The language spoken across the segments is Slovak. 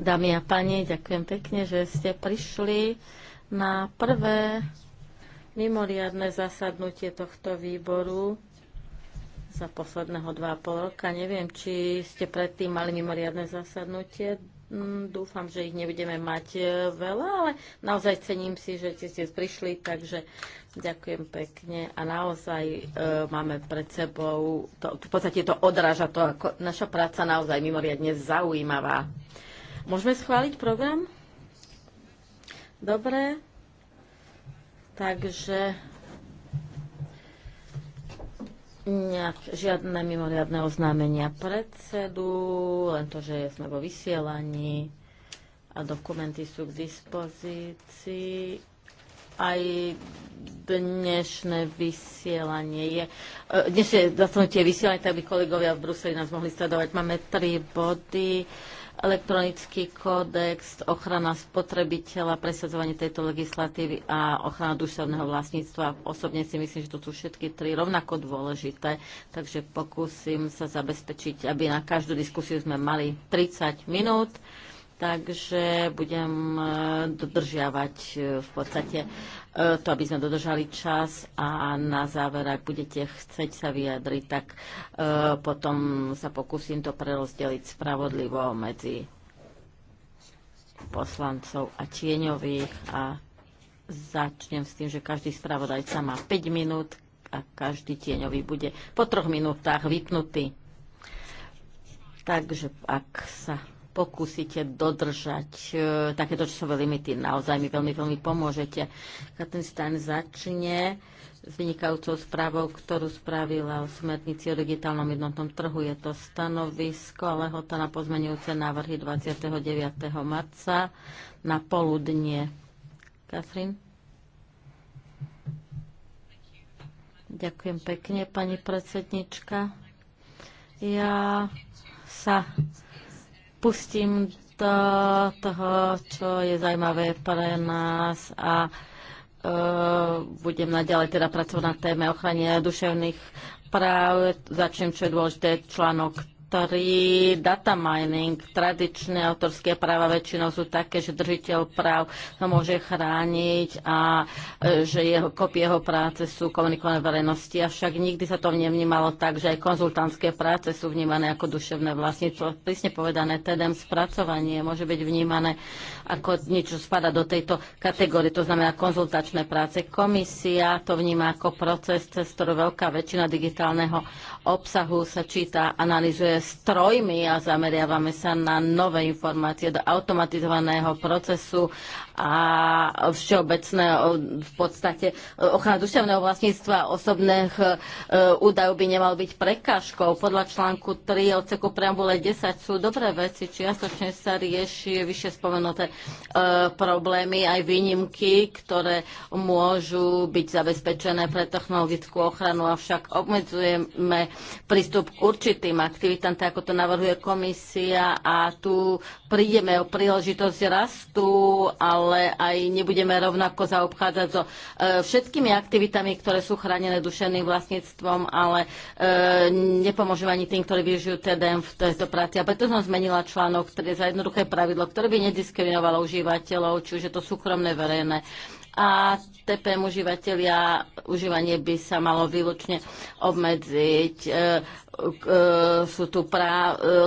Dámy a páni, ďakujem pekne, že ste prišli na prvé mimoriadne zasadnutie tohto výboru za posledného dva a pol roka. Neviem, či ste predtým mali mimoriadne zasadnutie. Mm, dúfam, že ich nebudeme mať eh, veľa, ale naozaj cením si, že ste prišli, takže Ďakujem pekne. A naozaj e, máme pred sebou, to, v podstate to odráža to, ako naša práca naozaj mimoriadne zaujímavá. Môžeme schváliť program? Dobre. Takže nejak, žiadne mimoriadne oznámenia predsedu, len to, že sme vo vysielaní a dokumenty sú k dispozícii aj dnešné vysielanie je. E, dnešné zasadnutie vysielanie, tak by kolegovia v Bruseli nás mohli sledovať. Máme tri body. Elektronický kódex, ochrana spotrebiteľa, presadzovanie tejto legislatívy a ochrana duševného vlastníctva. Osobne si myslím, že to sú všetky tri rovnako dôležité, takže pokúsim sa zabezpečiť, aby na každú diskusiu sme mali 30 minút takže budem e, dodržiavať e, v podstate e, to, aby sme dodržali čas a na záver, ak budete chceť sa vyjadriť, tak potom sa pokúsim to prerozdeliť spravodlivo medzi poslancov a tieňových a začnem s tým, že každý spravodajca má 5 minút a každý tieňový bude po troch minútach vypnutý. Takže ak sa pokúsite dodržať e, takéto časové limity. Naozaj mi veľmi, veľmi pomôžete. Stein začne s vynikajúcou správou, ktorú spravila o smernici o digitálnom jednotnom trhu. Je to stanovisko, ale na pozmenujúce návrhy 29. marca na poludnie. Katrin? Ďakujem pekne, pani predsednička. Ja sa pustím do toho, čo je zaujímavé pre nás a e, budem naďalej teda pracovať na téme ochrany duševných práv. Začnem, čo je dôležité, článok ktorý data mining, tradičné autorské práva väčšinou sú také, že držiteľ práv to môže chrániť a e, že jeho, kopie jeho práce sú komunikované verejnosti, avšak nikdy sa to nevnímalo tak, že aj konzultantské práce sú vnímané ako duševné vlastníctvo. Prísne povedané, TDM spracovanie môže byť vnímané ako niečo spada do tejto kategórie, to znamená konzultačné práce. Komisia to vníma ako proces, cez ktorú veľká väčšina digitálneho obsahu sa číta, analizuje, strojmi a zameriavame sa na nové informácie do automatizovaného procesu a všeobecné v podstate ochrana duševného vlastníctva osobných e, údajov by nemal byť prekážkou. Podľa článku 3 odseku preambule 10 sú dobré veci, čiastočne sa rieši vyššie spomenuté e, problémy aj výnimky, ktoré môžu byť zabezpečené pre technologickú ochranu, avšak obmedzujeme prístup k určitým aktivitám ako to navrhuje komisia a tu prídeme o príležitosť rastu, ale aj nebudeme rovnako zaobchádzať so e, všetkými aktivitami, ktoré sú chránené dušeným vlastníctvom, ale e, nepomôžeme ani tým, ktorí využijú TDM v tejto práci. A preto som zmenila článok, ktorý je za jednoduché pravidlo, ktoré by nediskriminovalo užívateľov, či už je to súkromné, verejné a TPM užívateľia, užívanie by sa malo výlučne obmedziť. E, e, sú tu e,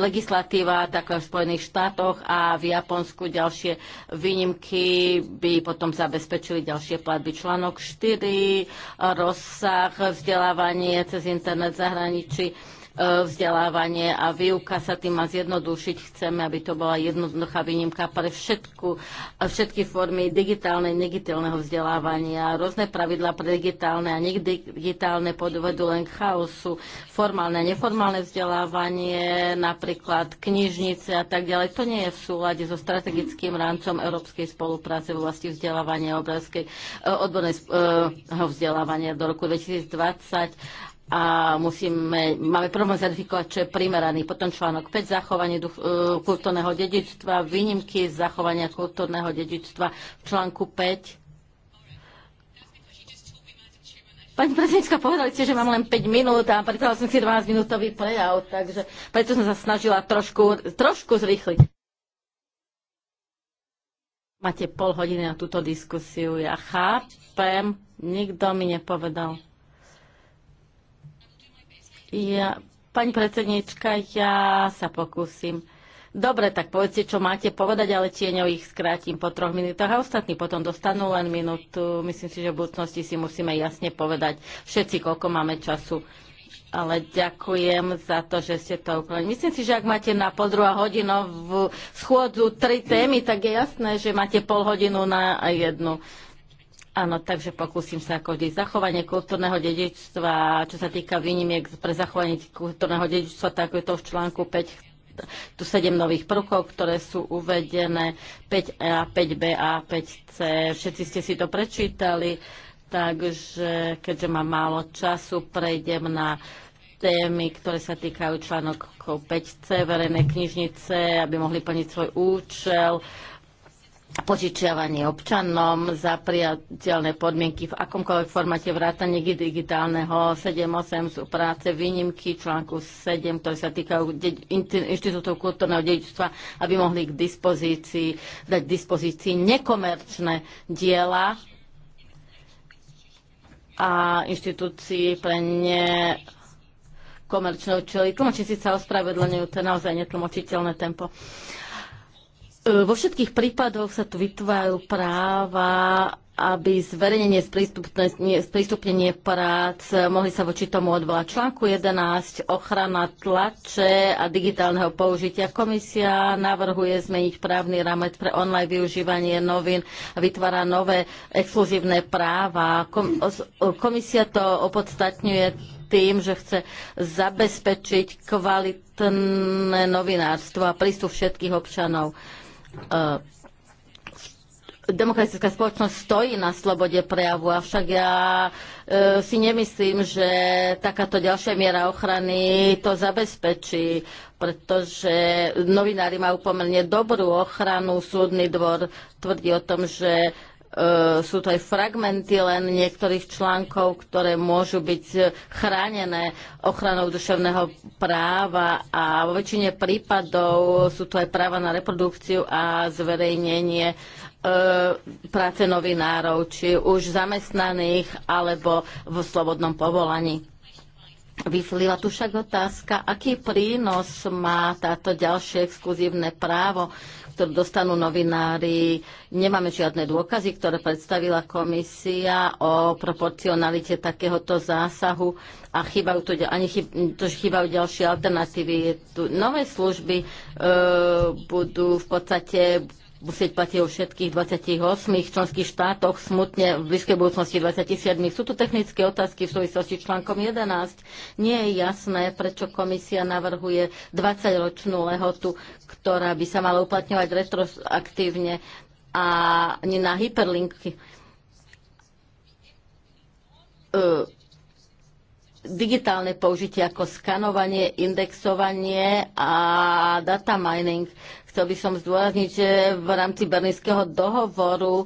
legislatíva také v Spojených štátoch a v Japonsku ďalšie výnimky by potom zabezpečili ďalšie platby. Článok 4, rozsah, vzdelávanie cez internet zahraničí E, vzdelávanie a výuka sa tým má zjednodušiť. Chceme, aby to bola jednoduchá výnimka pre všetku, e, všetky formy digitálnej, negitálneho vzdelávania. Rôzne pravidla pre digitálne a digitálne podvedú len k chaosu. Formálne a neformálne vzdelávanie, napríklad knižnice a tak ďalej, to nie je v súlade so strategickým rámcom európskej spolupráce v oblasti vzdelávania a obrovskej e, odborného vzdelávania do roku 2020 a musíme, máme problém zadifikovať, čo je primeraný. Potom článok 5, zachovanie duch, e, kultúrneho dedičstva, výnimky z zachovania kultúrneho dedičstva v článku 5. Pani prezidentka, povedali ste, že mám len 5 minút a predstavila som si 12-minútový prejav, takže preto som sa snažila trošku, trošku zrýchliť. Máte pol hodiny na túto diskusiu, ja chápem, nikto mi nepovedal. Ja, pani predsednička, ja sa pokúsim. Dobre, tak povedzte, čo máte povedať, ale tieňov ich skrátim po troch minútach a ostatní potom dostanú len minútu. Myslím si, že v budúcnosti si musíme jasne povedať všetci, koľko máme času. Ale ďakujem za to, že ste to úplne. Myslím si, že ak máte na pol hodinu v schôdzu tri témy, tak je jasné, že máte pol hodinu na jednu. Áno, takže pokúsim sa ako vždy. Zachovanie kultúrneho dedičstva, čo sa týka výnimiek pre zachovanie kultúrneho dedičstva, tak je to v článku 5 tu 7 nových prvkov, ktoré sú uvedené 5A, 5B e a 5C. Všetci ste si to prečítali, takže keďže mám málo času, prejdem na témy, ktoré sa týkajú článok 5C, verejné knižnice, aby mohli plniť svoj účel, požičiavanie občanom za priateľné podmienky v akomkoľvek formáte vrátane digitálneho 7.8 sú práce výnimky článku 7, ktoré sa týkajú inštitútov kultúrneho dedičstva, aby mohli k dispozícii, dať k dispozícii nekomerčné diela a inštitúcii pre ne komerčné účely. si sa ospravedlňujú, to je naozaj netlmočiteľné tempo. Uh, E, vo všetkých prípadoch sa tu vytvárajú práva, aby zverejnenie sprístupnenie prác mohli sa voči tomu odvolať. Článku 11, ochrana tlače a digitálneho použitia. Komisia navrhuje zmeniť právny rámec pre online využívanie novín a vytvára nové exkluzívne práva. Komisia to opodstatňuje tým, že chce zabezpečiť kvalitné novinárstvo a prístup všetkých občanov. E, demokratická spoločnosť stojí na slobode prejavu, avšak ja e, si nemyslím, že takáto ďalšia miera ochrany to zabezpečí, pretože novinári majú pomerne dobrú ochranu. Súdny dvor tvrdí o tom, že E, sú to aj fragmenty len niektorých článkov, ktoré môžu byť e, chránené ochranou duševného práva a vo väčšine prípadov sú to aj práva na reprodukciu a zverejnenie e, práce novinárov, či už zamestnaných alebo v slobodnom povolaní. Vyslila tu však otázka, aký prínos má táto ďalšie exkluzívne právo, ktoré dostanú novinári. Nemáme žiadne dôkazy, ktoré predstavila komisia o proporcionalite takéhoto zásahu a chýbajú tu, ani chyb, to, chýbajú ďalšie alternatívy. Tu nové služby e, budú v podstate musieť platiť o všetkých 28 členských štátoch, smutne v blízkej budúcnosti 27. Sú tu technické otázky v súvislosti s článkom 11. Nie je jasné, prečo komisia navrhuje 20-ročnú lehotu, ktorá by sa mala uplatňovať retroaktívne a nie na hyperlinky. Uh, digitálne použitie ako skanovanie, indexovanie a data mining Chcel by som zdôrazniť, že v rámci Berlínskeho dohovoru e,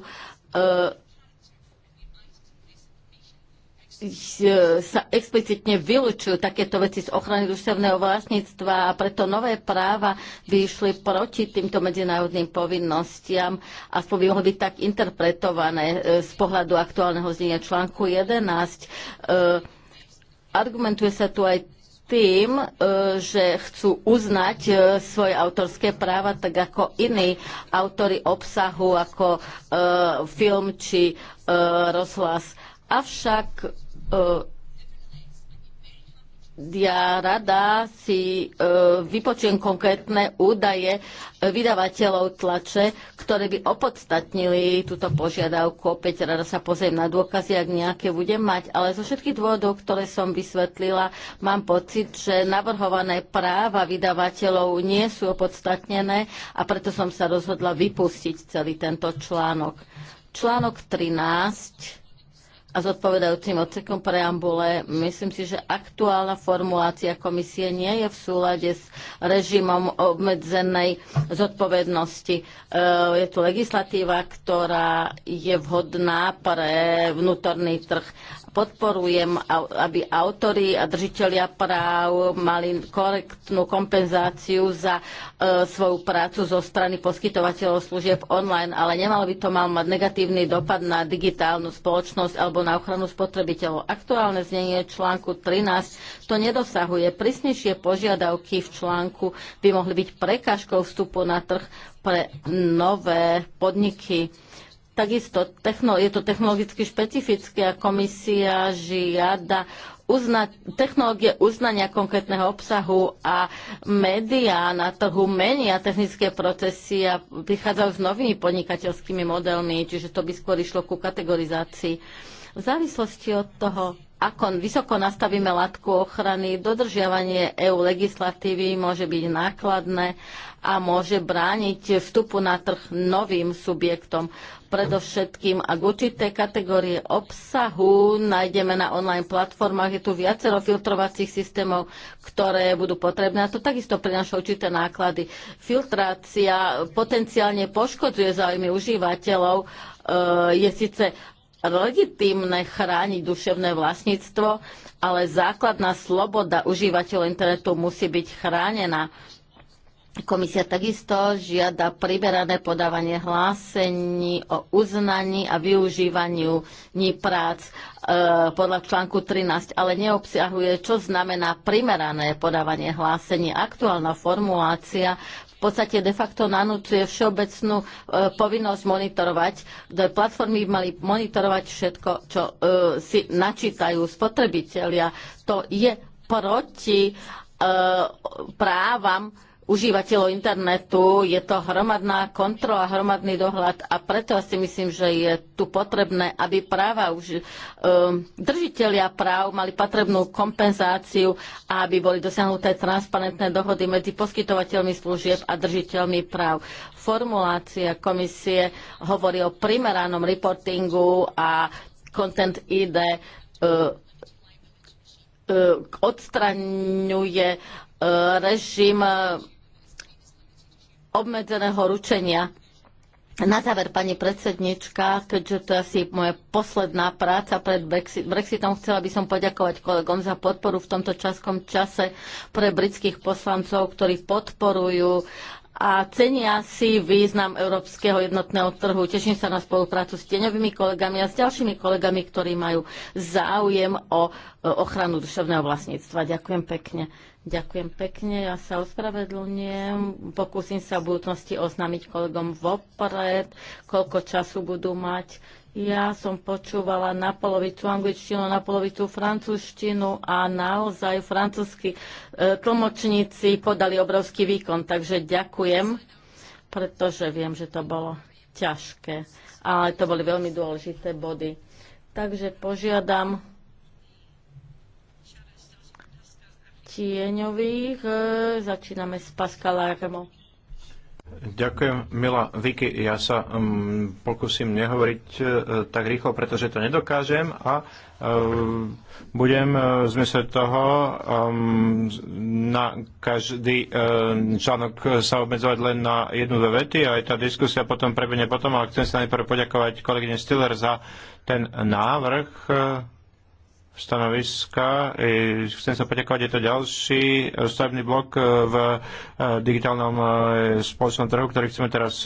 sa explicitne vylúčujú takéto veci z ochrany duševného vlastníctva a preto nové práva by išli proti týmto medzinárodným povinnostiam a by mohli byť tak interpretované e, z pohľadu aktuálneho znenia článku 11. E, argumentuje sa tu aj tým, e, že chcú uznať e, svoje autorské práva tak ako iní autory obsahu ako e, film či rozhlas. Avšak ja rada si e, vypočujem konkrétne údaje vydavateľov tlače, ktoré by opodstatnili túto požiadavku. Opäť rada sa pozriem na dôkazy, ak nejaké budem mať. Ale zo všetkých dôvodov, ktoré som vysvetlila, mám pocit, že navrhované práva vydavateľov nie sú opodstatnené a preto som sa rozhodla vypustiť celý tento článok. Článok 13 a zodpovedajúcim odsekom preambule. Myslím si, že aktuálna formulácia komisie nie je v súlade s režimom obmedzenej zodpovednosti. E, je tu legislatíva, ktorá je vhodná pre vnútorný trh podporujem, aby autori a držiteľia práv mali korektnú kompenzáciu za e, svoju prácu zo strany poskytovateľov služieb online, ale nemalo by to mal mať negatívny dopad na digitálnu spoločnosť alebo na ochranu spotrebiteľov. Aktuálne znenie článku 13 to nedosahuje. Prísnejšie požiadavky v článku by mohli byť prekážkou vstupu na trh pre nové podniky Takisto techno, je to technologicky špecifické a komisia žiada uzna, technológie uznania konkrétneho obsahu a médiá na trhu menia technické procesy a prichádzajú s novými podnikateľskými modelmi, čiže to by skôr išlo ku kategorizácii v závislosti od toho, ako vysoko nastavíme latku ochrany, dodržiavanie EU legislatívy môže byť nákladné a môže brániť vstupu na trh novým subjektom. Predovšetkým, ak určité kategórie obsahu nájdeme na online platformách, je tu viacero filtrovacích systémov, ktoré budú potrebné a to takisto prináša určité náklady. Filtrácia potenciálne poškodzuje záujmy užívateľov, e, je síce legitímne chrániť duševné vlastníctvo, ale základná sloboda užívateľov internetu musí byť chránená. Komisia takisto žiada priberané podávanie hlásení o uznaní a využívaniu ní prác e, podľa článku 13, ale neobsiahuje, čo znamená primerané podávanie hlásení. Aktuálna formulácia v podstate de facto nanúcuje všeobecnú e, povinnosť monitorovať. Platformy mali monitorovať všetko, čo e, si načítajú spotrebitelia. To je proti e, právam užívateľov internetu, je to hromadná kontrola, hromadný dohľad a preto si myslím, že je tu potrebné, aby práva už um, držiteľia práv mali potrebnú kompenzáciu a aby boli dosiahnuté transparentné dohody medzi poskytovateľmi služieb a držiteľmi práv. Formulácia komisie hovorí o primeranom reportingu a Content ID uh, e, uh, e, odstraňuje režim obmedzeného ručenia. Na záver, pani predsednička, keďže to je asi moja posledná práca pred Brexitom, chcela by som poďakovať kolegom za podporu v tomto časkom čase pre britských poslancov, ktorí podporujú a cenia si význam európskeho jednotného trhu. Teším sa na spoluprácu s tieňovými kolegami a s ďalšími kolegami, ktorí majú záujem o ochranu duševného vlastníctva. Ďakujem pekne. Ďakujem pekne, ja sa ospravedlňujem. Pokúsim sa v budúcnosti oznámiť kolegom vopred, koľko času budú mať. Ja som počúvala na polovicu angličtinu, na polovicu francúzštinu a naozaj francúzski e, tlmočníci podali obrovský výkon, takže ďakujem, pretože viem, že to bolo ťažké, ale to boli veľmi dôležité body. Takže požiadam tieňových. E, začíname s Pascala Armo. Ďakujem, milá Vicky. Ja sa um, pokúsim nehovoriť uh, tak rýchlo, pretože to nedokážem a uh, budem uh, zmysle toho um, na každý uh, článok sa obmedzovať len na jednu, do vety a aj tá diskusia potom prebehne potom, ale chcem sa najprv poďakovať kolegyne Stiller za ten návrh. Uh, stanoviska. Chcem sa poďakovať, je to ďalší e, stavebný blok e, v e, digitálnom spoločnom trhu, ktorý chceme teraz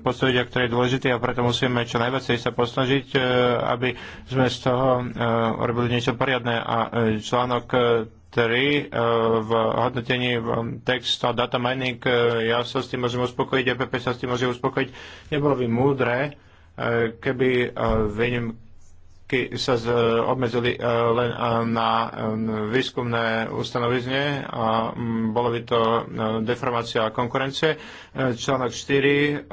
postaviť a ktorý je dôležitý a preto musíme čo najviac sa posnažiť, aby sme z toho robili niečo poriadne a článok 3 v hodnotení a data mining, ja sa s tým môžem uspokojiť, EPP sa s tým môže uspokojiť. Nebolo by múdre, keby výnimka výdavky sa z, obmedzili e, len e, na e, výskumné ustanovizne a bolo by to deformácia konkurencie. Článok 4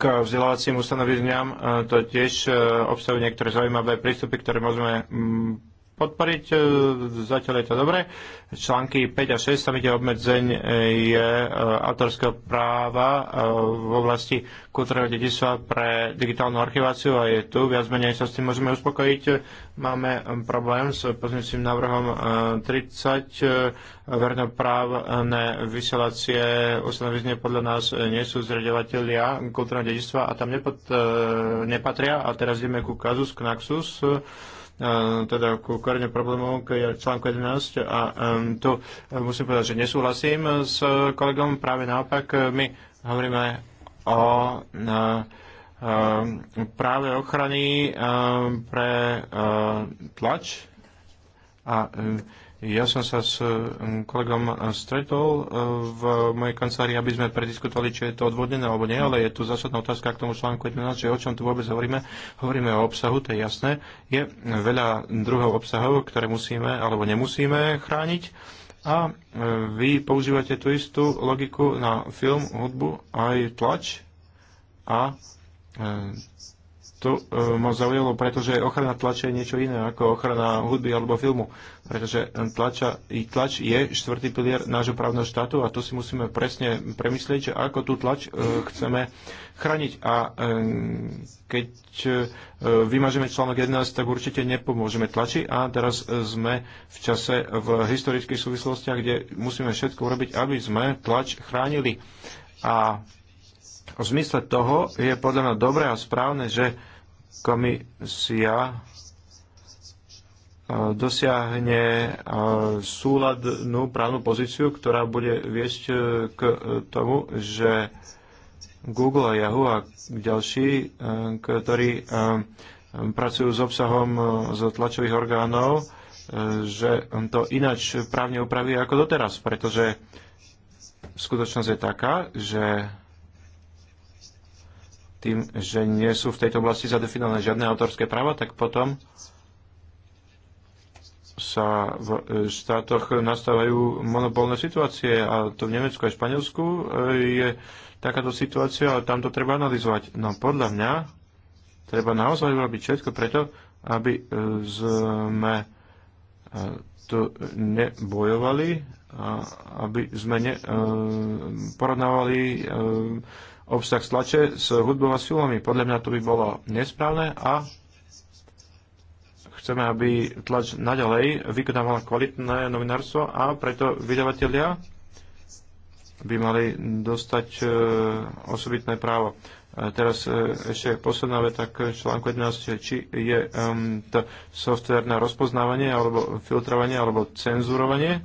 k vzdelávacím ustanovizňam to tiež obsahuje niektoré zaujímavé prístupy, ktoré môžeme podporiť. E, zatiaľ je to dobré. Články 5 a 6 tam ide obmedzeň je e, autorského práva e, v oblasti kultúrneho dedičstva pre digitálnu archiváciu a je tu. Viac menej sa s tým môžeme uspokojiť. Máme problém s pozmeňujúcim návrhom 30. právne vysielacie ustanovizne podľa nás nie sú zriadovateľia kultúrneho dedičstva a tam nepatria. A teraz ideme ku kazus, knaxus. Naxus teda ku korene problémov k článku 11 a tu e, musím povedať, že nesúhlasím s kolegom, práve naopak my hovoríme o e, práve ochrany e, pre tlač a ja som sa s mm, kolegom e, stretol e, v mojej kancelárii, aby sme prediskutovali, či je to odvodnené alebo nie, ale je tu zásadná otázka k tomu článku 11, že o čom tu vôbec hovoríme. Hovoríme o obsahu, to je jasné. Je veľa druhov obsahov, ktoré musíme alebo nemusíme chrániť. A e, vy používate tú istú logiku na film, hudbu, aj tlač a to e, ma zaujalo, pretože ochrana tlače je niečo iné ako ochrana hudby alebo filmu. Pretože tlača, tlač je štvrtý pilier nášho právneho štátu a tu si musíme presne premyslieť, že ako tú tlač e, chceme chrániť. A e, keď vymažeme článok 11, tak určite nepomôžeme tlači. A teraz sme v čase v historických súvislostiach, kde musíme všetko urobiť, aby sme tlač chránili. A v zmysle toho je podľa mňa dobré a správne, že komisia e, dosiahne e, súladnú právnu pozíciu, ktorá bude viesť e, k tomu, že Google a Yahoo a ďalší, ktorí pracujú s obsahom z tlačových orgánov, že to ináč právne upraví ako doteraz, pretože skutočnosť je taká, že tým, že nie sú v tejto oblasti zadefinované žiadne autorské práva, tak potom sa v e, štátoch nastávajú monopolné situácie a to v Nemecku a Španielsku e, je takáto situácia, ale tam to treba analyzovať. No podľa mňa treba naozaj robiť všetko preto, aby e, sme tu nebojovali, a aby sme ne, porovnávali obsah stlače s hudbou a silami. Podľa mňa to by bolo nesprávne a chceme, aby tlač naďalej vykonávala kvalitné novinárstvo a preto vydavatelia by mali dostať e, osobitné právo. E, teraz e, ešte posledná veta k článku 11, či je um, to softverné rozpoznávanie, alebo filtrovanie, alebo cenzurovanie.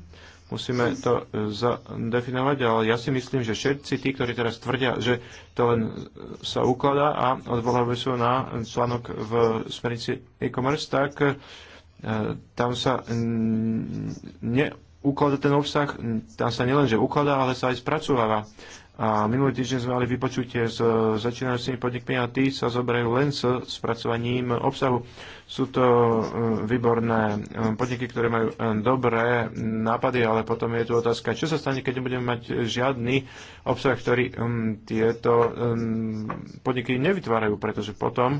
Musíme to e, zadefinovať, ale ja si myslím, že všetci tí, ktorí teraz tvrdia, že to len e, sa ukladá a odvolávajú sa na článok v smernici e-commerce, tak e, tam sa neukladá ten obsah, tam sa nielenže ukladá, ale sa aj spracováva. A minulý týždeň sme mali vypočutie s e, začínajúcimi podnikmi a tí sa zoberajú len s spracovaním obsahu. Sú to e, výborné e, podniky, ktoré majú dobré nápady, ale potom je tu otázka, čo sa stane, keď nebudeme mať žiadny obsah, ktorý tieto podniky nevytvárajú, pretože potom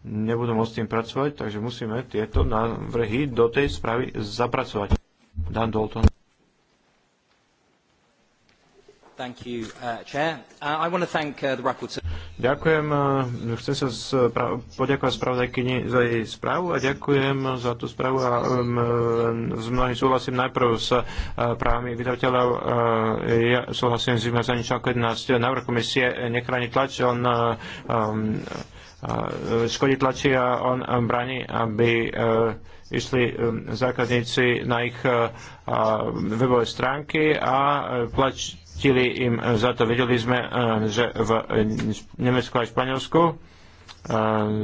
nebudú môcť s tým pracovať, takže musíme tieto návrhy do tej správy zapracovať. Dan Dalton. Uh, uh, uh, ďakujem. Chcem sa spra- poďakovať spravodajkyni za jej správu a ďakujem za tú správu a um, s mnohým súhlasím najprv s právami vydavateľov. ja súhlasím s vymazaním článku 11. Návrh komisie nechráni tlač, on um, škodí tlači a on bráni, aby išli um, zákazníci na ich webové stránky a tlač Platili im za to. Videli sme, e, že v Nemecku a Španielsku e,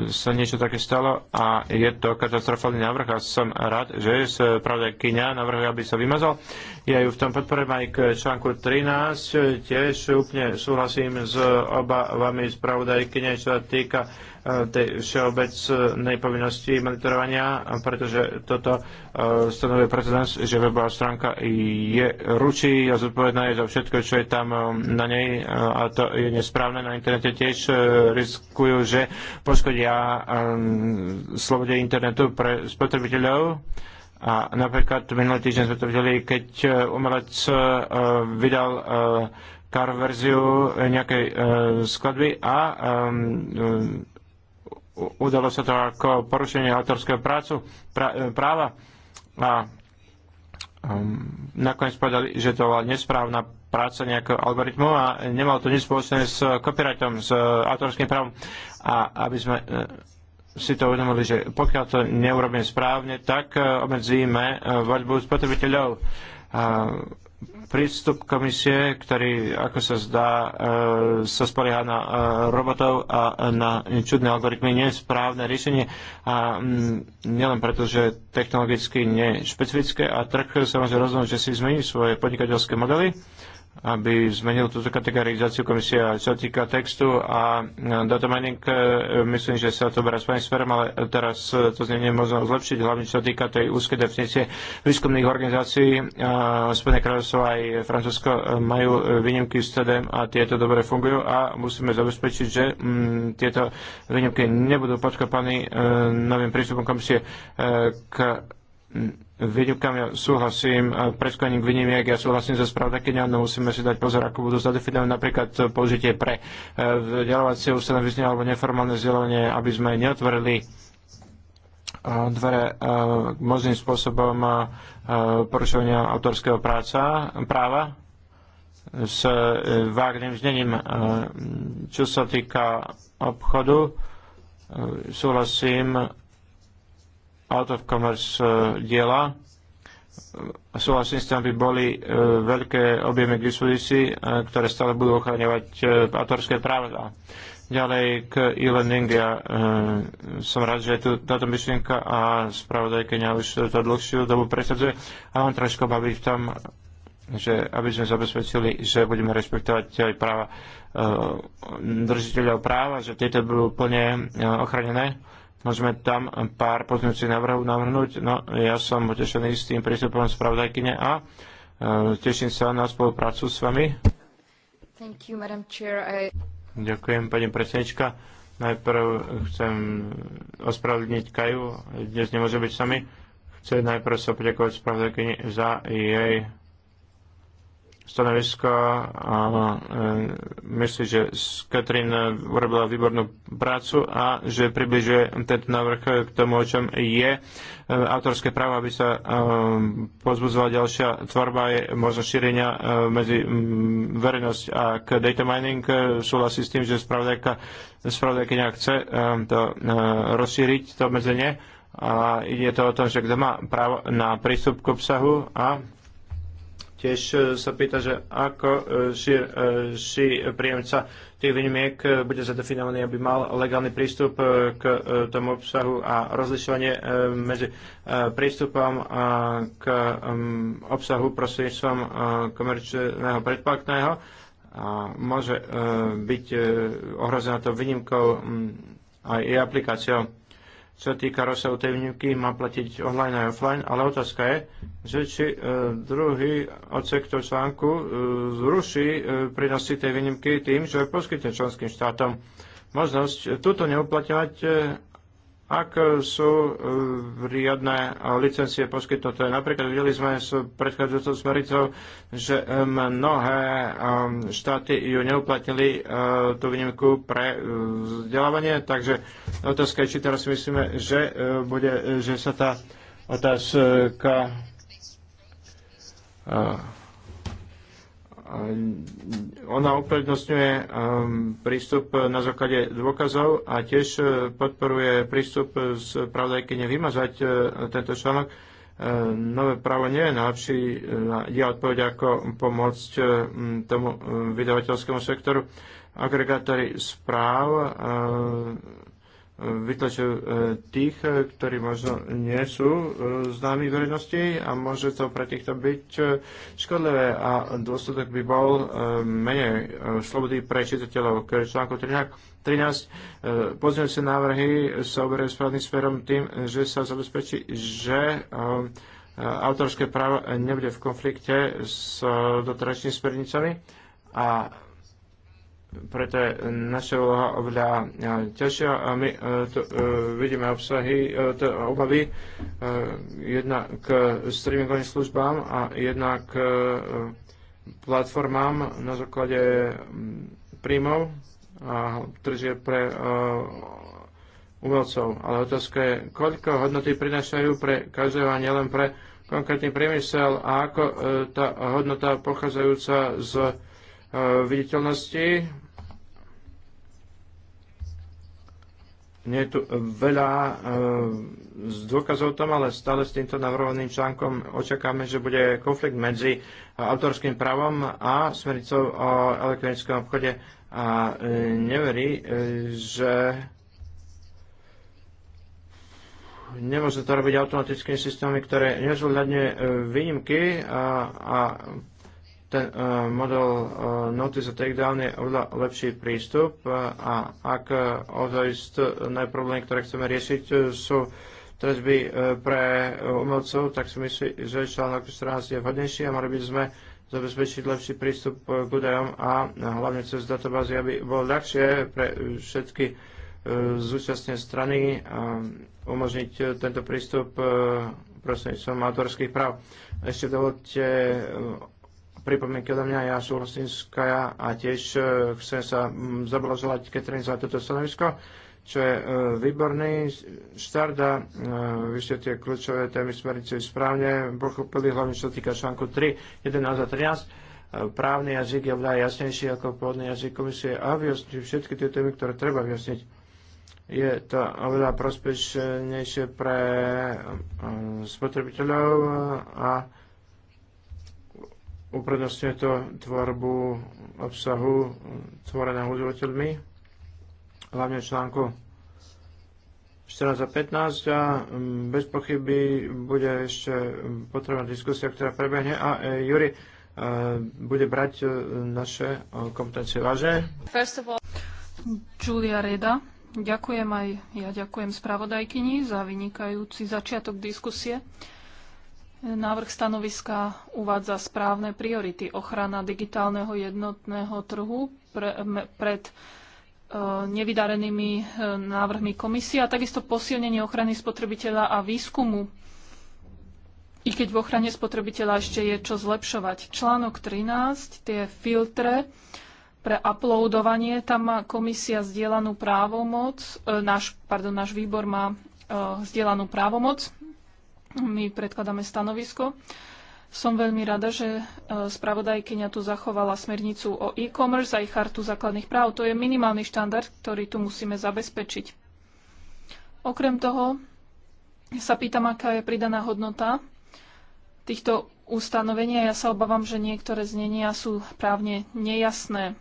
sa niečo také stalo a je to katastrofálny návrh a som rád, že spravodajkyňa navrhuje, aby sa vymazal. Ja ju v tom podporujem aj k článku 13. Tiež úplne súhlasím s oba obavami spravodajkyne, čo sa týka E, tej všeobecnej povinnosti monitorovania, pretože toto e, stanovuje precedens, že webová stránka je ručí a zodpovedná je za všetko, čo je tam e, na nej a to je nesprávne. Na internete tiež riskujú, že poškodia slobode internetu pre spotrebiteľov. A napríklad minulý týždeň sme to videli, keď umelec vydal car verziu nejakej skladby a udalo sa to ako porušenie autorského prácu, pra, e, práva a um, nakoniec povedali, že to bola nesprávna práca nejakého algoritmu a nemalo to nič spoločné s copyrightom, s e, autorským právom. A aby sme e, si to uvedomili, že pokiaľ to neurobím správne, tak obmedzíme voľbu spotrebiteľov. Uh, prístup komisie, ktorý, ako sa zdá, e, sa spolieha na e, robotov a na čudné algoritmy, nie je správne riešenie. A mm, nielen preto, že technologicky nie je špecifické a trh sa môže rozhodnúť, že si zmení svoje podnikateľské modely aby zmenil túto kategorizáciu komisia, čo týka textu a data mining, e, myslím, že sa to berá správnym sferom, ale teraz to znenie možno zlepšiť, hlavne čo týka tej úzkej definície výskumných organizácií. Spojené kráľovstvo aj Francúzsko majú výnimky z TDM e a tieto dobre fungujú a musíme zabezpečiť, že mm, tieto výnimky nebudú podkopané e, novým prístupom komisie k ja súhlasím, predkladaním výnimiek ja súhlasím so spravodajkyňou, no musíme si dať pozor, ako budú zadefinované napríklad použitie pre e, vzdelávacie ustanovenie alebo neformálne vzdelanie, aby sme neotvorili e, dvere e, možným spôsobom porušovania autorského práca, práva s vágným znením. Čo sa týka obchodu, súhlasím out of commerce diela. E, súhlasím s tým, aby boli e, veľké objemy k dispozícii, e, ktoré stále budú ochraňovať autorské práva. Ďalej k e-learning, ja uh, som rád, že je tu táto myšlienka a spravodajkenia už to dlhšiu dobu presadzuje a mám trošku baví v tom, že aby sme zabezpečili, že budeme rešpektovať aj práva uh, držiteľov práva, že tieto budú plne uh, ochranené Môžeme tam pár pozmeňujúcich návrhov navrhnúť. No, ja som potešený s tým prístupom spravodajkyne a e, teším sa na spoluprácu s vami. Thank you, Madam Chair. I... Ďakujem, pani predsednička. Najprv chcem ospravedlniť Kaju, dnes nemôže byť sami. Chcem najprv sa poďakovať spravodajkyni za jej stanoviska a myslí, že Katrin urobila výbornú prácu a že približuje tento návrh k tomu, o čom je e, autorské právo, aby sa e, pozbudzovala ďalšia tvorba, je možno šírenia e, medzi verejnosť a k data mining súhlasí s tým, že spravodajka, spravodajkyňa chce to rozšíriť, to medzenie a je to o tom, že kto má právo na prístup k obsahu a Tiež e, sa pýta, že ako e, šir, e, ši príjemca tých výnimiek bude zadefinovaný, aby mal legálny prístup k tomu obsahu a rozlišovanie medzi prístupom k obsahu prostredníctvom komerčného predplatného a môže byť ohrozená to výnimkou aj aplikáciou čo týka rozsahu tej výnimky, má platiť online aj offline, ale otázka je, že či e, druhý odsek toho článku e, zruší e, prínosy tej výnimky tým, že poskytne členským štátom možnosť túto neuplatňovať e, ak e, sú e, riadne licencie poskytnuté. Napríklad videli sme s predchádzajúcou smericou, že mnohé e, štáty ju neuplatnili tú výnimku pre vzdelávanie, takže otázka je, či teraz myslíme, že, bude, že sa tá otázka ona uprednostňuje um, prístup na základe dôkazov a tiež uh, podporuje prístup z pravdajkyne nevymazať uh, tento článok. Uh, nové právo nie je najlepší je odpoveď, ako pomôcť tomu vydavateľskému sektoru. Agregátory správ vytlačujú e, tých, e, ktorí možno nie sú e, známi verejnosti a môže to pre týchto byť škodlivé a dôsledok by bol menej slobody pre čitateľov. K článku 13 pozmeňujúce návrhy sa oberajú správnym smerom tým, že sa zabezpečí, že autorské právo nebude v konflikte s doterajšími smernicami a preto je naša úloha oveľa e, ťažšia a my e, to, e, vidíme obsahy, to, obavy jedna k streamingovým službám a jedna k platformám na základe mm, príjmov a tržie pre umelcov. Ale otázka je, koľko hodnoty prinášajú pre každého a nielen pre konkrétny priemysel a ako tá hodnota pochádzajúca z viditeľnosti nie je tu e, veľa e, z dôkazov tom, ale stále s týmto navrhovaným článkom očakáme, že bude konflikt medzi autorským právom a smernicou o elektronickom obchode a e, neverí, že nemôže to robiť automatickými systémy, ktoré nezohľadne výnimky a, a ten uh, model uh, notice a takedown je oveľa lepší prístup uh, a ak uh, uh, problémy, ktoré chceme riešiť, uh, sú tresby uh, pre umelcov, tak si myslím, že článok 14 je vhodnejší a mali by sme zabezpečiť lepší prístup k údajom a hlavne cez databázy, aby bolo ľahšie pre všetky zúčastné strany a umožniť tento prístup prostredníctvom autorských práv. Ešte dovolte pripomienky odo mňa, ja súhlasím s Kaja a tiež e, chcem sa mm, zablažovať Katrin za toto stanovisko, čo je e, výborný štart a e, vy ste tie kľúčové témy smernice správne pochopili, hlavne čo týka článku 3, 11 a 13 právny jazyk je oveľa jasnejší ako pôvodný jazyk komisie a vyjasniť všetky tie témy, ktoré treba vyjasniť. Je to oveľa prospešnejšie pre spotrebiteľov a uprednostňuje to tvorbu obsahu tvoreného užívateľmi, hlavne článku 14 a 15 a mm, bez pochyby bude ešte potrebná diskusia, ktorá prebehne a e, Juri e, bude brať e, naše e, kompetencie vážne. Julia Reda, ďakujem aj ja ďakujem spravodajkyni za vynikajúci začiatok diskusie. Návrh stanoviska uvádza správne priority. Ochrana digitálneho jednotného trhu pre, pred e, nevydarenými e, návrhmi komisie a takisto posilnenie ochrany spotrebiteľa a výskumu. I keď v ochrane spotrebiteľa ešte je čo zlepšovať. Článok 13, tie filtre pre uploadovanie, tam má komisia zdieľanú právomoc, e, náš, pardon, náš výbor má zdieľanú právomoc my predkladáme stanovisko. Som veľmi rada, že e, spravodajkyňa tu zachovala smernicu o e-commerce a aj chartu základných práv. To je minimálny štandard, ktorý tu musíme zabezpečiť. Okrem toho sa pýtam, aká je pridaná hodnota týchto ustanovení. Ja sa obávam, že niektoré znenia sú právne nejasné.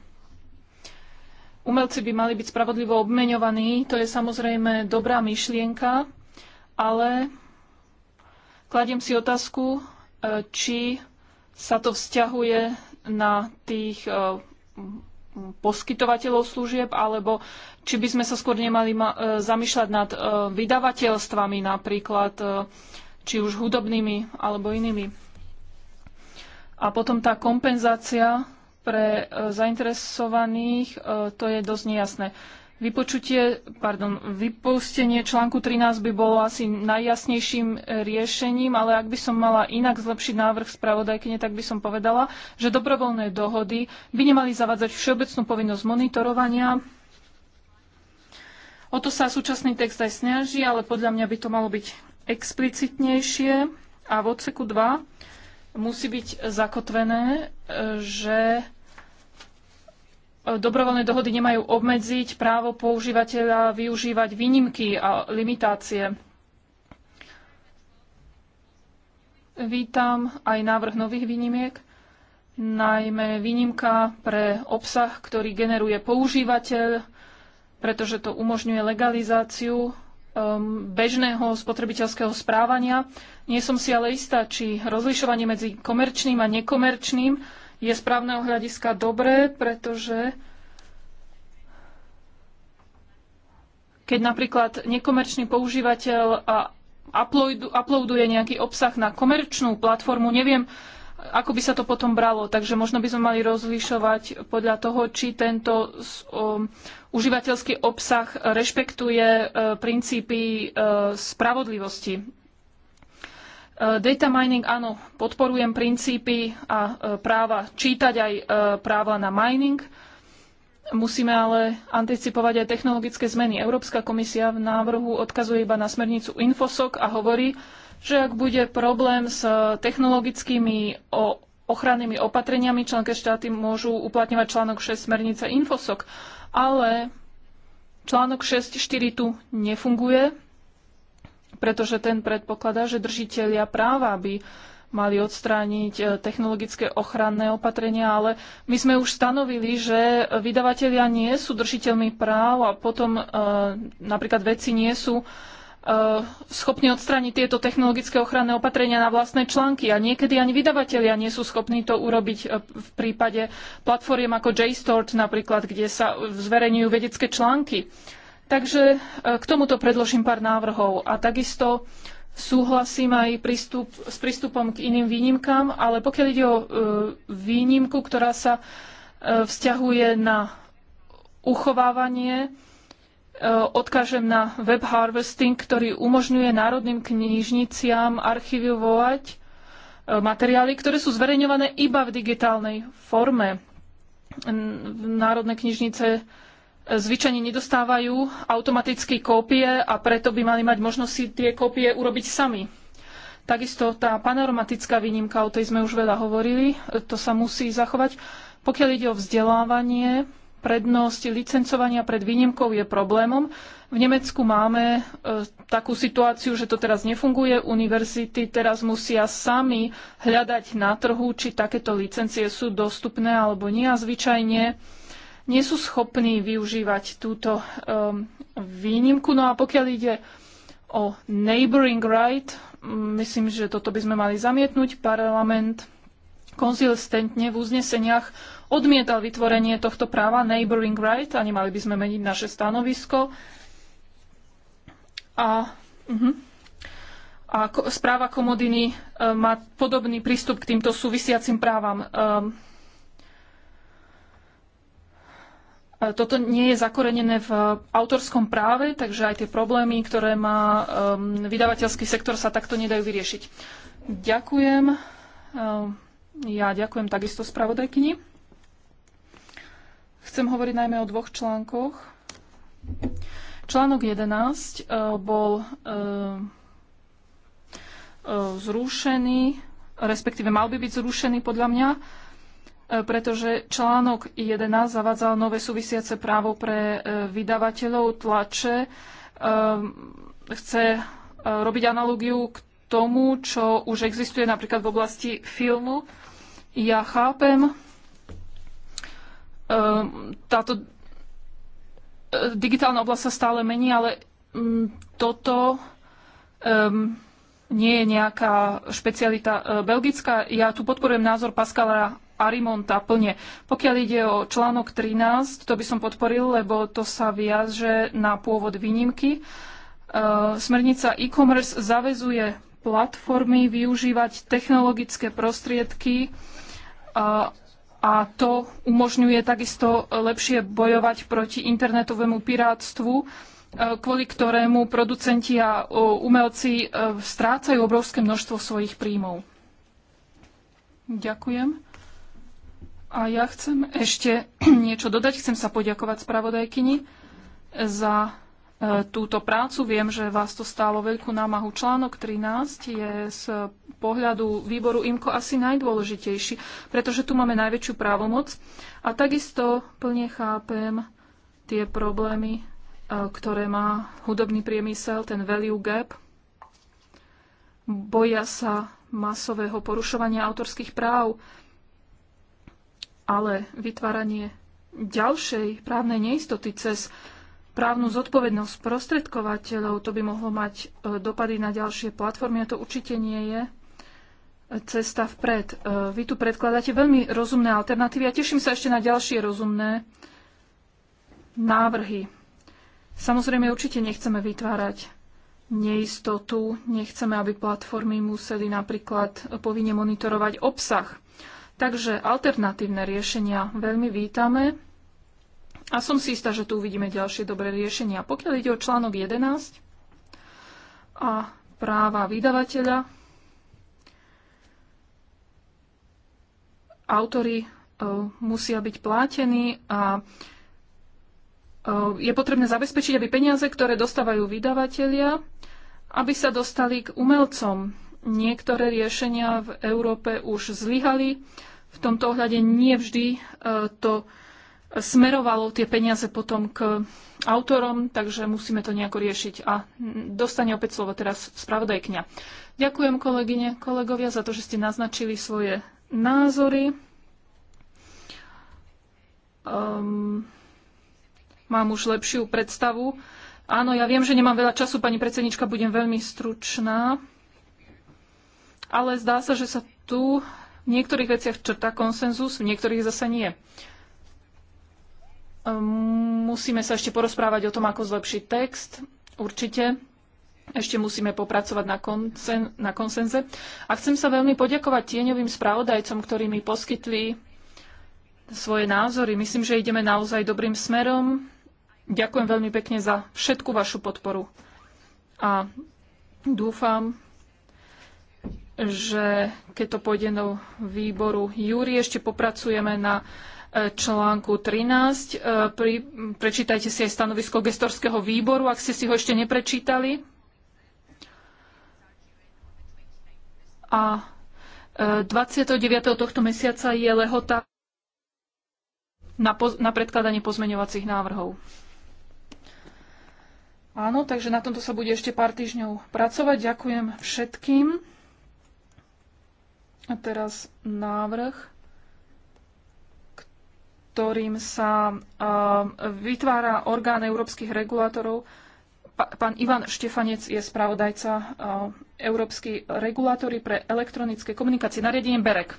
Umelci by mali byť spravodlivo obmeňovaní, to je samozrejme dobrá myšlienka, ale Kladiem si otázku, e, či sa to vzťahuje na tých e, poskytovateľov služieb, alebo či by sme sa skôr nemali e, zamýšľať nad vydavateľstvami napríklad, či už hudobnými alebo inými. A potom tá kompenzácia pre zainteresovaných, to je dosť nejasné. Vypočutie, pardon, vypustenie článku 13 by bolo asi najjasnejším riešením, ale ak by som mala inak zlepšiť návrh spravodajkyne, tak by som povedala, že dobrovoľné dohody by nemali zavádzať všeobecnú povinnosť monitorovania. O to sa súčasný text aj snaží, ale podľa mňa by to malo byť explicitnejšie. A v odseku 2 musí byť zakotvené, že dobrovoľné dohody nemajú obmedziť právo používateľa využívať výnimky a limitácie. Vítam aj návrh nových výnimiek, najmä výnimka pre obsah, ktorý generuje používateľ, pretože to umožňuje legalizáciu um, bežného spotrebiteľského správania. Nie som si ale istá, či rozlišovanie medzi komerčným a nekomerčným je z právneho hľadiska dobré, pretože keď napríklad nekomerčný používateľ uploaduje nejaký obsah na komerčnú platformu, neviem, ako by sa to potom bralo. Takže možno by sme mali rozlišovať podľa toho, či tento užívateľský obsah rešpektuje e, princípy e, spravodlivosti E, data mining, áno, podporujem princípy a e, práva čítať aj e, práva na mining. Musíme ale anticipovať aj technologické zmeny. Európska komisia v návrhu odkazuje iba na smernicu Infosok a hovorí, že ak bude problém s technologickými ochrannými opatreniami, členské štáty môžu uplatňovať článok 6 smernice Infosoc, Ale článok 6.4 tu nefunguje pretože ten predpokladá, že držiteľia práva by mali odstrániť e, technologické ochranné opatrenia, ale my sme už stanovili, že vydavatelia nie sú držiteľmi práv a potom e, napríklad vedci nie sú e, schopní odstrániť tieto technologické ochranné opatrenia na vlastné články a niekedy ani vydavatelia nie sú schopní to urobiť e, v prípade platformiem ako JSTOR napríklad, kde sa zverejňujú vedecké články. E, Takže e, k tomuto predložím pár návrhov a takisto súhlasím aj prístup, s prístupom k iným výnimkám, ale pokiaľ ide o e, výnimku, ktorá sa e, vzťahuje na uchovávanie, odkážem na web harvesting, ktorý umožňuje národným knižniciam archivovať materiály, ktoré sú zverejňované iba v digitálnej forme. Národné knižnice zvyčajne nedostávajú automaticky kópie a preto by mali mať možnosť si tie kópie urobiť sami. Takisto tá panoromatická výnimka, o tej sme už veľa hovorili, to sa musí zachovať. Pokiaľ ide o vzdelávanie, prednosť licencovania pred výnimkou je problémom. V Nemecku máme e, takú situáciu, že to teraz nefunguje. Univerzity teraz musia sami hľadať na trhu, či takéto licencie sú dostupné alebo nie. A zvyčajne nie sú schopní využívať túto um, výnimku. No a pokiaľ ide o neighboring right, myslím, že toto by sme mali zamietnúť. Parlament konzistentne v uzneseniach odmietal vytvorenie tohto práva neighboring right a nemali by sme meniť naše stanovisko. A, uh-huh. a správa Komodiny e, má podobný prístup k týmto súvisiacim právam. E, Toto nie je zakorenené v eh, autorskom práve, takže aj tie problémy, ktoré má ehm, vydavateľský sektor, sa takto nedajú vyriešiť. Ďakujem. Ehm, ja ďakujem takisto spravodajkyni. Chcem hovoriť najmä o dvoch článkoch. Článok 11 eh, bol eh, zrušený, respektíve mal by byť zrušený podľa mňa E, pretože článok 11 zavádzal nové súvisiace právo pre e, vydavateľov tlače. E, chce robiť analogiu k tomu, čo už existuje napríklad v oblasti filmu. Ja chápem táto digitálna oblasť sa stále mení, ale toto um, nie je nejaká špecialita belgická. Ja tu podporujem názor Pascala Arimonta plne. Pokiaľ ide o článok 13, to by som podporil, lebo to sa viaže na pôvod výnimky. E, smernica e-commerce zavezuje platformy využívať technologické prostriedky a, e, a to umožňuje takisto lepšie bojovať proti internetovému pirátstvu, e, kvôli ktorému producenti a umelci strácajú obrovské množstvo svojich príjmov. Ďakujem. A ja chcem ešte niečo dodať. Chcem sa poďakovať spravodajkyni za e, túto prácu. Viem, že vás to stálo veľkú námahu. Článok 13 je z pohľadu výboru IMKO asi najdôležitejší, pretože tu máme najväčšiu právomoc a takisto plne chápem tie problémy, e, ktoré má hudobný priemysel, ten value gap. Boja sa masového porušovania autorských práv ale vytváranie ďalšej právnej neistoty cez právnu zodpovednosť prostredkovateľov, to by mohlo mať e, dopady na ďalšie platformy a to určite nie je e, cesta vpred. E, vy tu predkladáte veľmi rozumné alternatívy a teším sa ešte na ďalšie rozumné návrhy. Samozrejme, určite nechceme vytvárať neistotu, nechceme, aby platformy museli napríklad povinne monitorovať obsah Takže alternatívne riešenia veľmi vítame a som si istá, že tu uvidíme ďalšie dobré riešenia. Pokiaľ ide o článok 11 a práva vydavateľa, autory e, musia byť plátení a e, je potrebné zabezpečiť, aby peniaze, ktoré dostávajú vydavatelia, aby sa dostali k umelcom. Niektoré riešenia v Európe už zlyhali. V tomto ohľade nie vždy e, to smerovalo tie peniaze potom k autorom, takže musíme to nejako riešiť. A dostane opäť slovo teraz spravodajkňa. Ďakujem kolegyne, kolegovia za to, že ste naznačili svoje názory. Um, mám už lepšiu predstavu. Áno, ja viem, že nemám veľa času, pani predsednička, budem veľmi stručná ale zdá sa, že sa tu v niektorých veciach črtá konsenzus, v niektorých zase nie. Ehm, musíme sa ešte porozprávať o tom, ako zlepšiť text. Určite ešte musíme popracovať na, konsen- na konsenze. A chcem sa veľmi poďakovať tieňovým spravodajcom, ktorí mi poskytli svoje názory. Myslím, že ideme naozaj dobrým smerom. Ďakujem veľmi pekne za všetku vašu podporu. A dúfam, že keď to pôjde do výboru Júri, ešte popracujeme na e, článku 13. E, pri, prečítajte si aj stanovisko gestorského výboru, ak ste si ho ešte neprečítali. A 29. E, tohto mesiaca je lehota na, poz, na predkladanie pozmeňovacích návrhov. Áno, takže na tomto sa bude ešte pár týždňov pracovať. Ďakujem všetkým. A teraz návrh, ktorým sa vytvára orgán európskych regulátorov. Pán Ivan Štefanec je spravodajca Európsky regulátory pre elektronické komunikácie. Nariadením BEREK.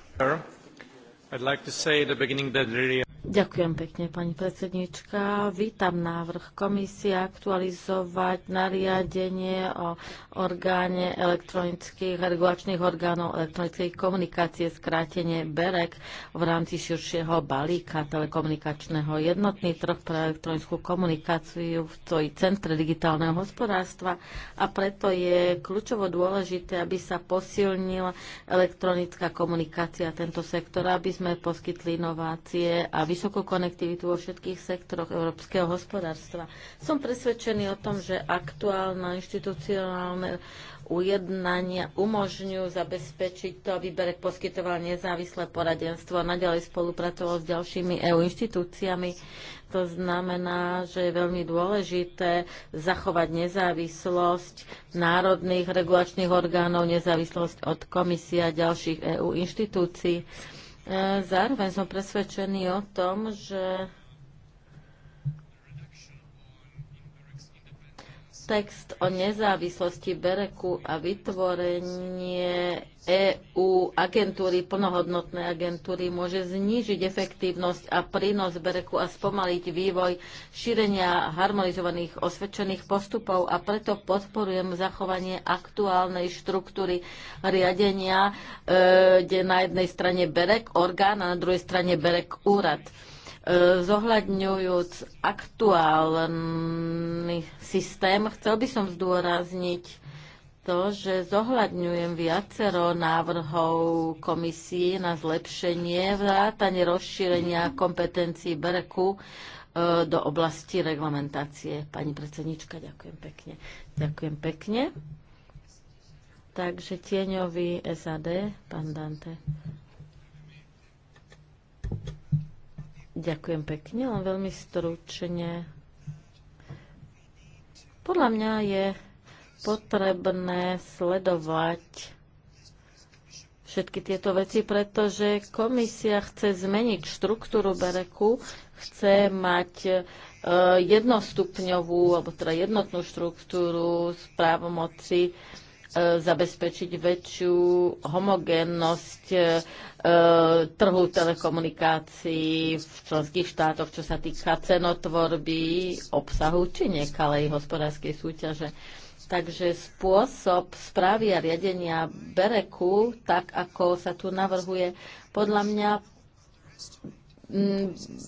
I'd like to say at the beginning that really Ďakujem pekne, pani predsednička. Vítam návrh komisie aktualizovať nariadenie o orgáne elektronických regulačných orgánov elektronickej komunikácie, skrátenie BEREK v rámci širšieho balíka telekomunikačného jednotný trh pre elektronickú komunikáciu v toj centre digitálneho hospodárstva a preto je kľúčovo dôležité, aby sa posilnila elektronická komunikácia tento sektor, aby sme poskytli inovácie a vyš- vysokú konektivitu vo všetkých sektoroch európskeho hospodárstva. Som presvedčený o tom, že aktuálne inštitucionálne ujednania umožňujú zabezpečiť to, aby Berek poskytoval nezávislé poradenstvo a naďalej spolupracoval s ďalšími EU inštitúciami. To znamená, že je veľmi dôležité zachovať nezávislosť národných regulačných orgánov, nezávislosť od komisia a ďalších EU inštitúcií E, zároveň som presvedčený o tom, že text o nezávislosti Bereku a vytvorenie EU agentúry, plnohodnotnej agentúry, môže znížiť efektívnosť a prínos Bereku a spomaliť vývoj šírenia harmonizovaných osvedčených postupov a preto podporujem zachovanie aktuálnej štruktúry riadenia, e, kde na jednej strane Berek orgán a na druhej strane Berek úrad Zohľadňujúc aktuálny systém, chcel by som zdôrazniť to, že zohľadňujem viacero návrhov komisí na zlepšenie vrátane rozšírenia kompetencií BRKu e, do oblasti reglamentácie. Pani predsednička, ďakujem pekne. Ďakujem pekne. Takže tieňový SAD, pán Dante. Ďakujem pekne, len veľmi stručne. Podľa mňa je potrebné sledovať všetky tieto veci, pretože komisia chce zmeniť štruktúru Bereku, chce mať e, jednostupňovú, alebo teda jednotnú štruktúru správomoci právomoci E, zabezpečiť väčšiu homogénnosť e, trhu telekomunikácií v členských štátoch, čo sa týka cenotvorby, obsahu či nekalej hospodárskej súťaže. Takže spôsob správy a riadenia Bereku, tak ako sa tu navrhuje, podľa mňa mm,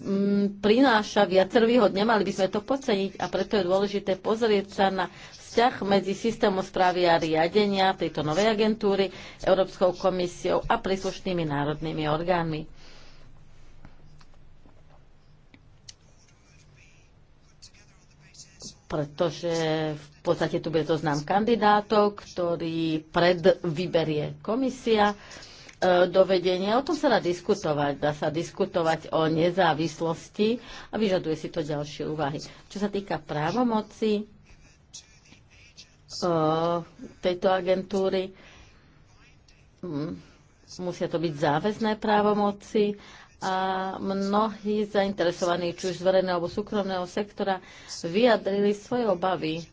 mm, prináša viacero výhod. Nemali by sme to poceniť a preto je dôležité pozrieť sa na vzťah medzi systémom správy a riadenia tejto novej agentúry, Európskou komisiou a príslušnými národnými orgánmi. pretože v podstate tu bude to znám kandidátov, ktorý predvyberie komisia e, do vedenia. O tom sa dá diskutovať. Dá sa diskutovať o nezávislosti a vyžaduje si to ďalšie úvahy. Čo sa týka právomoci, tejto agentúry. Mm, musia to byť záväzné právomoci a mnohí zainteresovaní, či už z verejného alebo súkromného sektora, vyjadrili svoje obavy